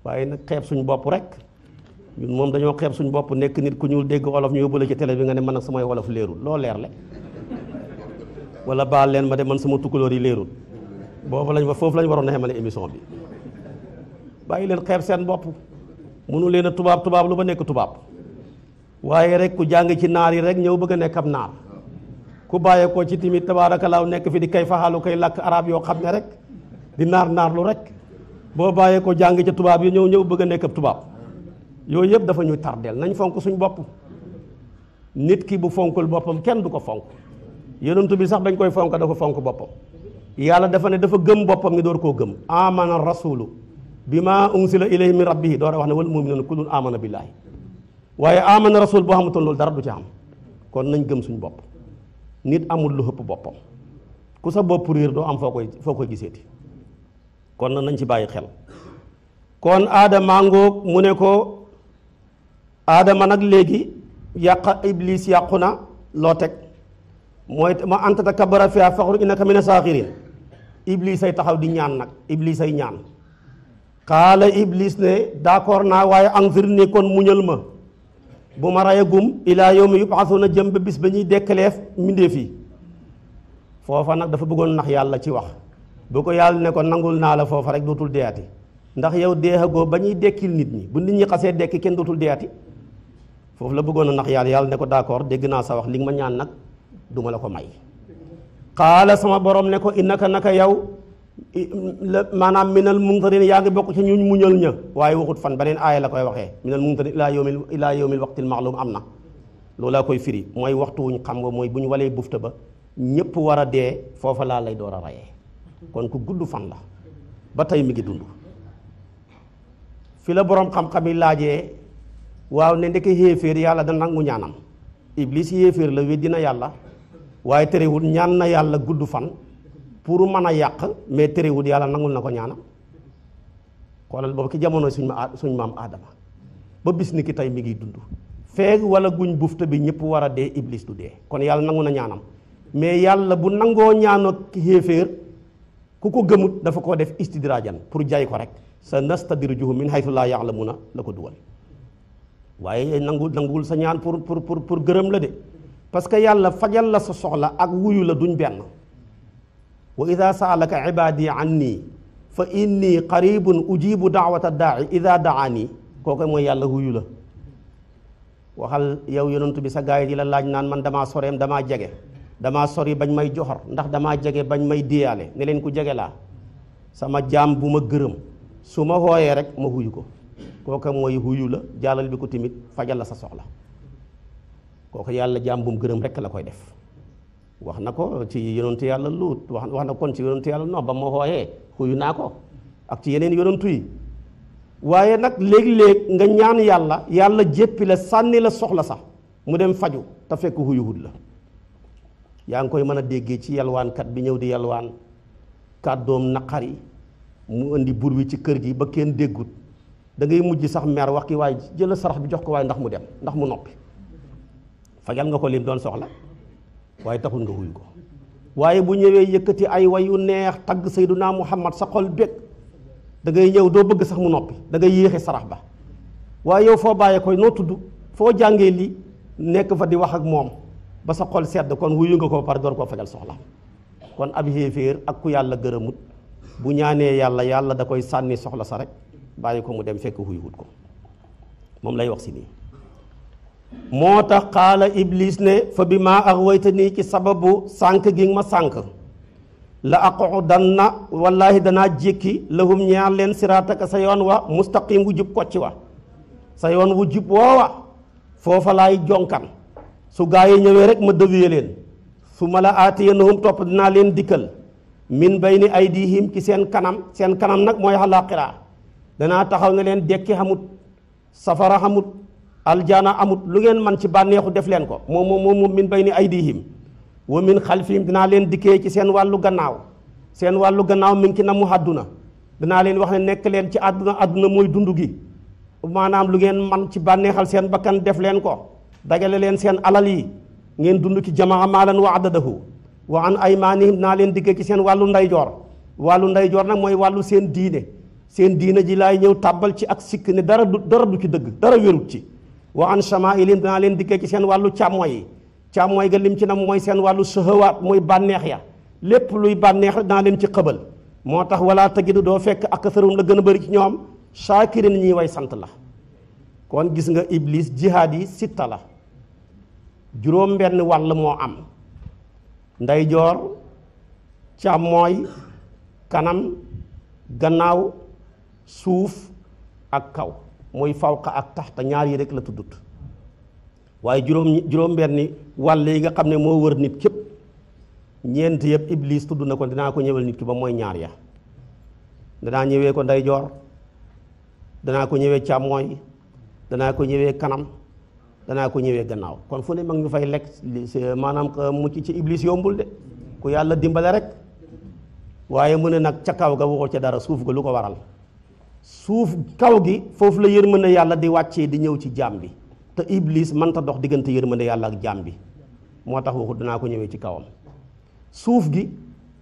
waaye nag xeeb suñ bopp rek ñun moom dañoo xeeb suñ bopp nekk nit ku ñuul dégg wolof ñu yóbbu la ci télé bi nga ne man ak wolof leerul loo leer le wala baal leen ma de man sama tukkulóor yi leerul boobu lañ foofu lañ waroon a xemale émission bi bàyyi leen xeeb seen bopp munu leen tubaab tubaab lu ba nekk tubaab waaye rek ku jàng ci naar yi rek ñëw bëgg a nekk ab naar ku bàyyee ko ci timit laaw nekk fi di kay faxaalu kay làkk arab yoo xam ne rek di naar naar rek boo bàyyee ko jàng ca tubaab yi ñëw ñëw bëgg a nekk ab tubaab yooyu yëpp dafa ñuy tardeel nañ fonk suñ bopp nit ki bu fonkul boppam kenn du ko fonk yonentu bi sax dañ koy fonk dafa fonk boppam yàlla dafa ne dafa gëm boppam ñu door koo gëm amana rasulu bi ma unsila ilayhi min rabbihi door a wax ne wal muminuna kullun amana billahi waaye amana rasul boo xamutoon loolu dara du ci am kon nañ gëm suñ bopp nit amul lu xëpp boppam ku sa bopp réer doo am foo koy foo koy giseeti kon na nañ ci bàyyi xel kon aadama ngoog mu ne ko aadama nag léegi yàq iblis yàqu na loo teg mooy ma anta takabbara fiha faxru innaka mina saaxirin iblis ay taxaw di ñaan nag iblis ay ñaan xaala iblis ne d'accord naa waaye anzir ni kon muñal ma bu ma rayagum ilaa yawmi yub'athuna jëm ba bis ba ñuy dekkaleef mbindéef yi foofu nag dafa bëggoon nax yàlla ci wax boo ko yàlla ne ko nangul naa la foofa rek dootul deyaati ndax yow deexagoo ba ñuy dekkil nit ñi bu nit ñi xasee dekki kenn dootul deyaati foofu la bëggoon a nax yàlla yàlla ne ko d'accord dégg naa sa wax li nga ma ñaan nag duma la ko may xaala sama borom ne ko innaka naka yow maanaam minal muntarin yaa ngi bokk ci ñu muñal ña waaye waxut fan beneen aaya la koy waxee minal muntarin ilaa yawmil ilaa yawmil waqtil maalum am na laa koy firi mooy waxtu wuñ xam nga mooy bu ñu walee bufta ba ñëpp war a dee foofa laa lay door a rayee kon ku gudd fan la ba tey mi ngi dund fi la boroom xam-xam yi laajee waaw ne ndeke xéeféer yàlla da nangu ñaanam iblis yéeféer la weddi na yàlla waaye terewul ñaan na yàlla gudd fan pour mana yak yàq mais terewul yàlla nangul na ko ñaanam xoolal boobu ki jamono suñu ma suñ maam aadama ba bis ni ki tay mi ngi dundu feeg wala guñ bufta bi ñepp wara iblis du dee kon yalla nanguna na ñaanam mais yalla bu nangoo ñaano xéeféer ku ko gëmut dafa ko def istidrajan pour jay ko rek sa nastadrijuhu min haythu la ya'lamuna lako duwal waye nangul nangul sa ñaan pour pour pour pour gërem la de parce que yalla fajal la sa soxla ak wuyu la duñ benn wa ida saalaka ibadi anni fa inni qaribun ujibu daawata daai ida daani kooku mooy yàlla huyu la waxal yow yonantu bi sa gaay yi la laaj naan man damaa soreem damaa jege damaa sori bañ may joxor ndax damaa jege bañ may diyaale ne leen ku jege laa sama jaam bu ma gërëm su ma hooyee rek ma huyu ko kooku mooy huyu la jàllal bi ko tamit fajal la sa soxla kooku yàlla jaam bu mu gërëm rek la koy def wax na ko ci yonentu yàlla luut wax wax na kon ci yonentu yàlla no ba ma xooyee xuyu naa ko ak ci yeneen yonentu yi waaye nag léeg-léeg nga ñaan yàlla yàlla jéppi la sànni la soxla sax mu dem faju te fekk xuyuhut la yaa ngi koy mën a déggee ci yalwaankat bi ñëw di yalwaan kàddoom naqari mu indi bur wi ci kër gi ba kenn déggut dangay mujj sax mer wax ki waaye jëla sarax bi jox ko waaye ndax mu dem ndax mu noppi fajal nga ko lim doon soxla waaye taxul nga wuyu ko waaye bu ñëwee yëkkati ay wayu neex tagg sayduna muhammad sa xol bég da ngay ñëw doo bëgg sax mu noppi da ngay yéexe sarax ba waaye yow foo bàyyee koy noo tudd foo jàngee lii nekk fa di wax ak moom ba sa xol sedd kon wuyu nga ko par door koo fegal soxla kon ab xéeféer ak ku yàlla gërëmut bu ñaanee yàlla yàlla da koy sànni soxla sa rek bàyyi ko mu dem fekk huyuwut ko moom lay wax si nii moo tax xaala ibliis ne fa bi maa axwayta nii ci sababu sànk gi ma sànk la aqu dan na wallaahi danaa jékki lahum ñaar leen siraataka sa yoon wa mustaqim wu jub kocc wa sa yoon wu jub woowa foofa laay jonkan su gaa yi ñëwee rek ma dëwiye leen su ma la aatiyanahum topp dinaa leen dikkal min bayni aydihim ci seen kanam seen kanam nag mooy àllaaxira danaa taxaw ne leen dekki xamut safara xamut aljaana amut lu ngeen man ci bànneexu def leen ko moom moom moom min bayni aydihim wa min xalfihim dinaa leen dikkee ci seen wàllu gannaaw seen wàllu gannaaw mi ngi ci na mu àdduna dinaa leen wax ne nekk leen ci àdduna adduna mooy dund gi maanaam lu ngeen man ci bànneexal seen bakkan def leen ko dajale leen seen alal yi ngeen dund ci jamaa maalan wa adadahu wa an aymaanihim dinaa leen dikkee ci seen wàllu ndeyjoor wàllu ndeyjoor nag mooy wàllu seen diine seen diine ji laay ñëw tàbbal ci ak sikk ne dara du dara du ci dëgg dara wérut ci wa an shama'ilin dana len dikke ci sen walu chamoy chamoy ga lim ci nam moy sen walu sahawaat moy banex ya lepp luy banex dana len ci xebal motax wala tagidu do fek ak la gëna bari ci ñom shakirin ñi way sant la kon gis nga iblis jihadi yi sitta la benn wàll moo am càmmooy kanam gannaaw suuf ak kaw muy fawqa ak tax te ñaar yi rek la tuddut waaye juróom juróom-benni wàll yi nga xam ne moo wër nit képp ñeent yëpp iblis tudd na ko danaa ko ñëwal nit ki ba mooy ñaar ya danaa ñëwee ko ndeyjoor danaa ko ñëwee càmmooy danaa ko ñëwee kanam danaa ko ñëwee gannaaw kon fu ne mag ñu fay lekk maanaam euh, mucc ci iblis yombul de ku yàlla dimbale rek waaye mu ne nag ca kaw ga waxul ca dara suuf ga lu ko waral suuf kaw gi foofu la yërmande yàlla di wàccee di ñëw ci jaam bi te iblis mënta dox diggante yërmande yàlla ak jaam bi moo tax waxu danaa ko ñëwee ci kawam suuf gi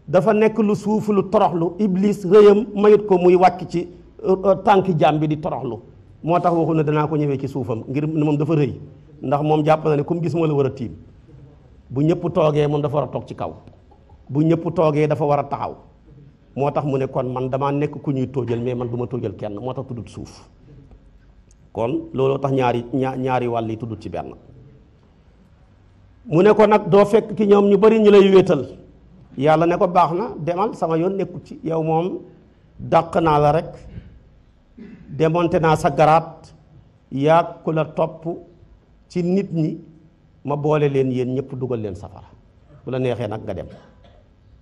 dafa nekk lu suuf lu toroxlu iblis rëyam mayut ko muy wàcc ci euh, euh, tànki jaam bi di toroxlu moo tax waxu ne danaa ko ñëwee ci suufam ngir moom dafa rëy ndax moom jàpp na ne comme gis moo la war a tiim bu ñëpp toogee moom dafa war a toog ci kaw bu ñëpp toogee dafa war a taxaw moo tax mu ne kon man damaa nekk ku ñuy tóojal mais man du ma tóojal kenn moo tax tuddut suuf kon looloo tax ñaari ñaari wàll yi tuddut ci benn mu ne kon nag doo fekk ki ñoom ñu bari ñu lay wéetal yàlla ne ko baax na demal sama yoon nekku ci yow moom dàq naa la rek démonté naa sa garaat yàgg ku la topp ci nit ñi ma boole leen yéen ñëpp dugal leen safara bu la neexee nag nga dem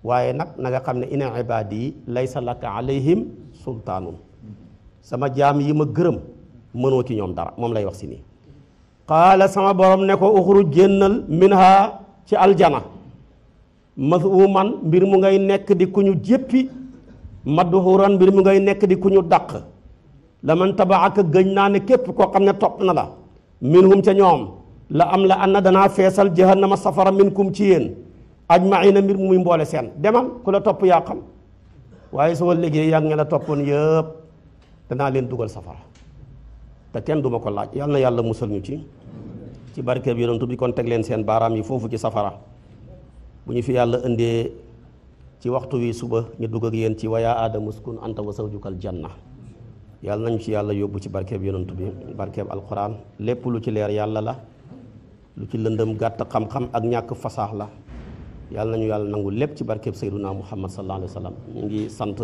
waaye nag na nga xam ne ina ibaadi yi laysa laka alayhim sultaanun sama jaam yi ma gërëm mënoo ci ñoom dara moom lay wax si nii qaala sama borom ne ko uxruj génnal minha ci aljana masuuman mbir mu ngay nekk di ku ñu jéppi madhuuran mbir mu ngay nekk di ku ñu dàq laman tabaaka gëñ naa ne képp koo xam ne topp na la minhum ca ñoom la am la an na danaa feesal jahannama safara minkum ci yéen aj ajmaina mbir muy mboole seen demal ku la topp yaa xam waaye sama liggéey yaa ngi la toppoon yëpp danaa leen dugal safara te kenn duma ko laaj yal yàlla musal ñu ci ci barkeeb yonantu bi kon teg leen seen baaraam yi foofu ci safara bu ñu fi yàlla indee ci waxtu wi suba ñu dugg ak ci wayaa aadama uskun anta wa zawjukal janna yàlla nañu ci yàlla yóbbu ci barkeeb yonantu bi barkeeb alquran lépp lu ci leer yàlla la lu ci lëndëm gàtt xam-xam ak ñàkk fasaax la yàlla nañu yàlla nangu lépp ci barkeb sayduna muhammad sallallahu alayhi wa mu ñu ngi sant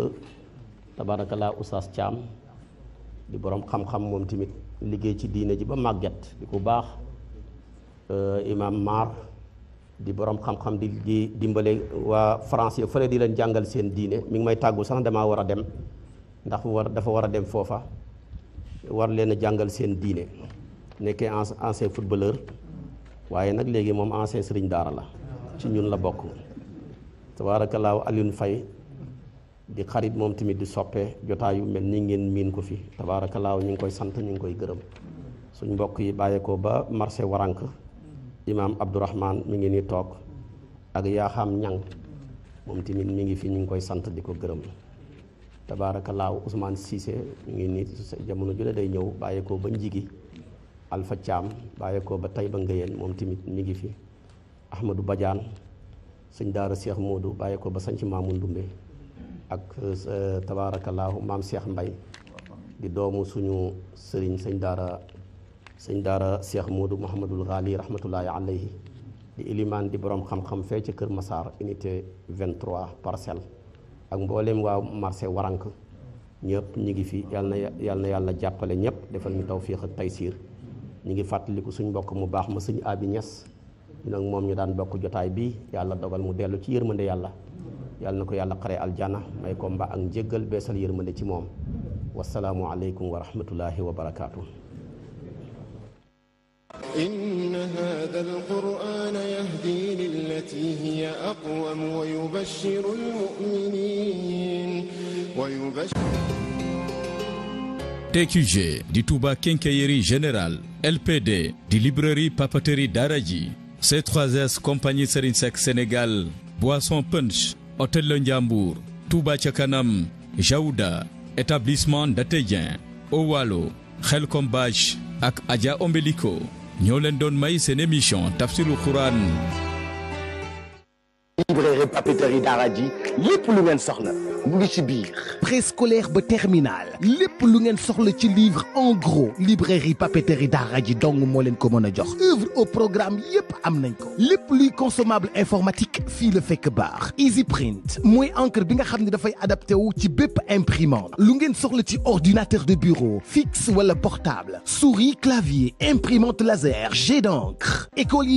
tabarakallah oustaz Thiam di borom xam-xam moom tamit liggéey ci diine ji ba màgget di ku baax euh, imam Mar di borom xam-xam di di dimbale waa français fële di leen jàngal seen diine mi ngi may tàggu sax damaa war a dem ndax war dafa war a dem foofa war leen a jàngal seen diine nekkee ancien footballeur waaye nag léegi moom ancien sëriñ daara la ci ñun la bokk tabaarakallaahu Alioune fay di xarit mom timit di soppe jotaayu mel ni ngeen min ko fi tabaarakallaahu ñing koy sant ñing koy gëreum suñ mbokk yi bàyyeekoo ba marché warank imam Abdourahman mi ngi ni tok ak xam Ñang mom timit mi ngi fi ñing koy sant di gëreum gërëm tabaarakallaahu Cissé mi ngi ni jamono jule day ñëw bàyyeekoo ba njigi Alpha Thiam bàyyeekoo ba mom timit mi ngi fi Ahmadou bajaan sëñ daara Cheikh Modou bàyyi ko ba sanc Maamu Ndumbe ak euh, tabaarakallaahu maam Cheikh Mbay di doomu suñu sëriñ sëñ daara sëñ daara Cheikh Modou Mouhamadul Ghali rahmatullaahi alayhi di ilimaan di boroom xam-xam fee ci Kër Massar unité 23 parcelle ak mbooleem waa marché warank ñëpp ñu ngi fi yal na na yàlla jàppale ñëpp defal ñu tawfiix ak taysiir ñu ngi fàttaliku suñ mbokk mu baax ma sëñ Abi Ñas nag moom ñu daan bokk jotaay bi yàlla dogal mu dellu ci yërmande yàlla yàlla na ko yàlla xare aljana may ko mba ak njëggal beesal yërmande ci moom wasalaamu aleykum wa rahmatullahi wa barakaatu إن هذا القرآن يهدي للتي هي أقوم ويبشر المؤمنين ويبشر TQG di Touba Quincaillerie Générale LPD di librairie papeterie Daraji C3S compagnie Serine Sénégal Boisson Punch Hôtel Le Ndiambour Touba Chakanam, Jaouda établissement Datéjan, Owalo Khelkombach ak Adja Ombeliko, Nyolendon Maïs et may seen librairie papeterie d'Aradi, les lépp lu vous soxla mu ci biir. préscolaire ba terminale lépp lu ngeen soxla ci livre en gros librairie papeterie d'Aradi donc dong moo leen ko mën œuvre au programme yépp am nañ ko lépp luy consommable informatique fii la fekk baax easy print mooy encre bi nga xam ne dafay adapté wu ci bépp imprimante lu ngeen soxla ci ordinateur de bureau fixe wala portable souris clavier imprimante laser jet d'encre école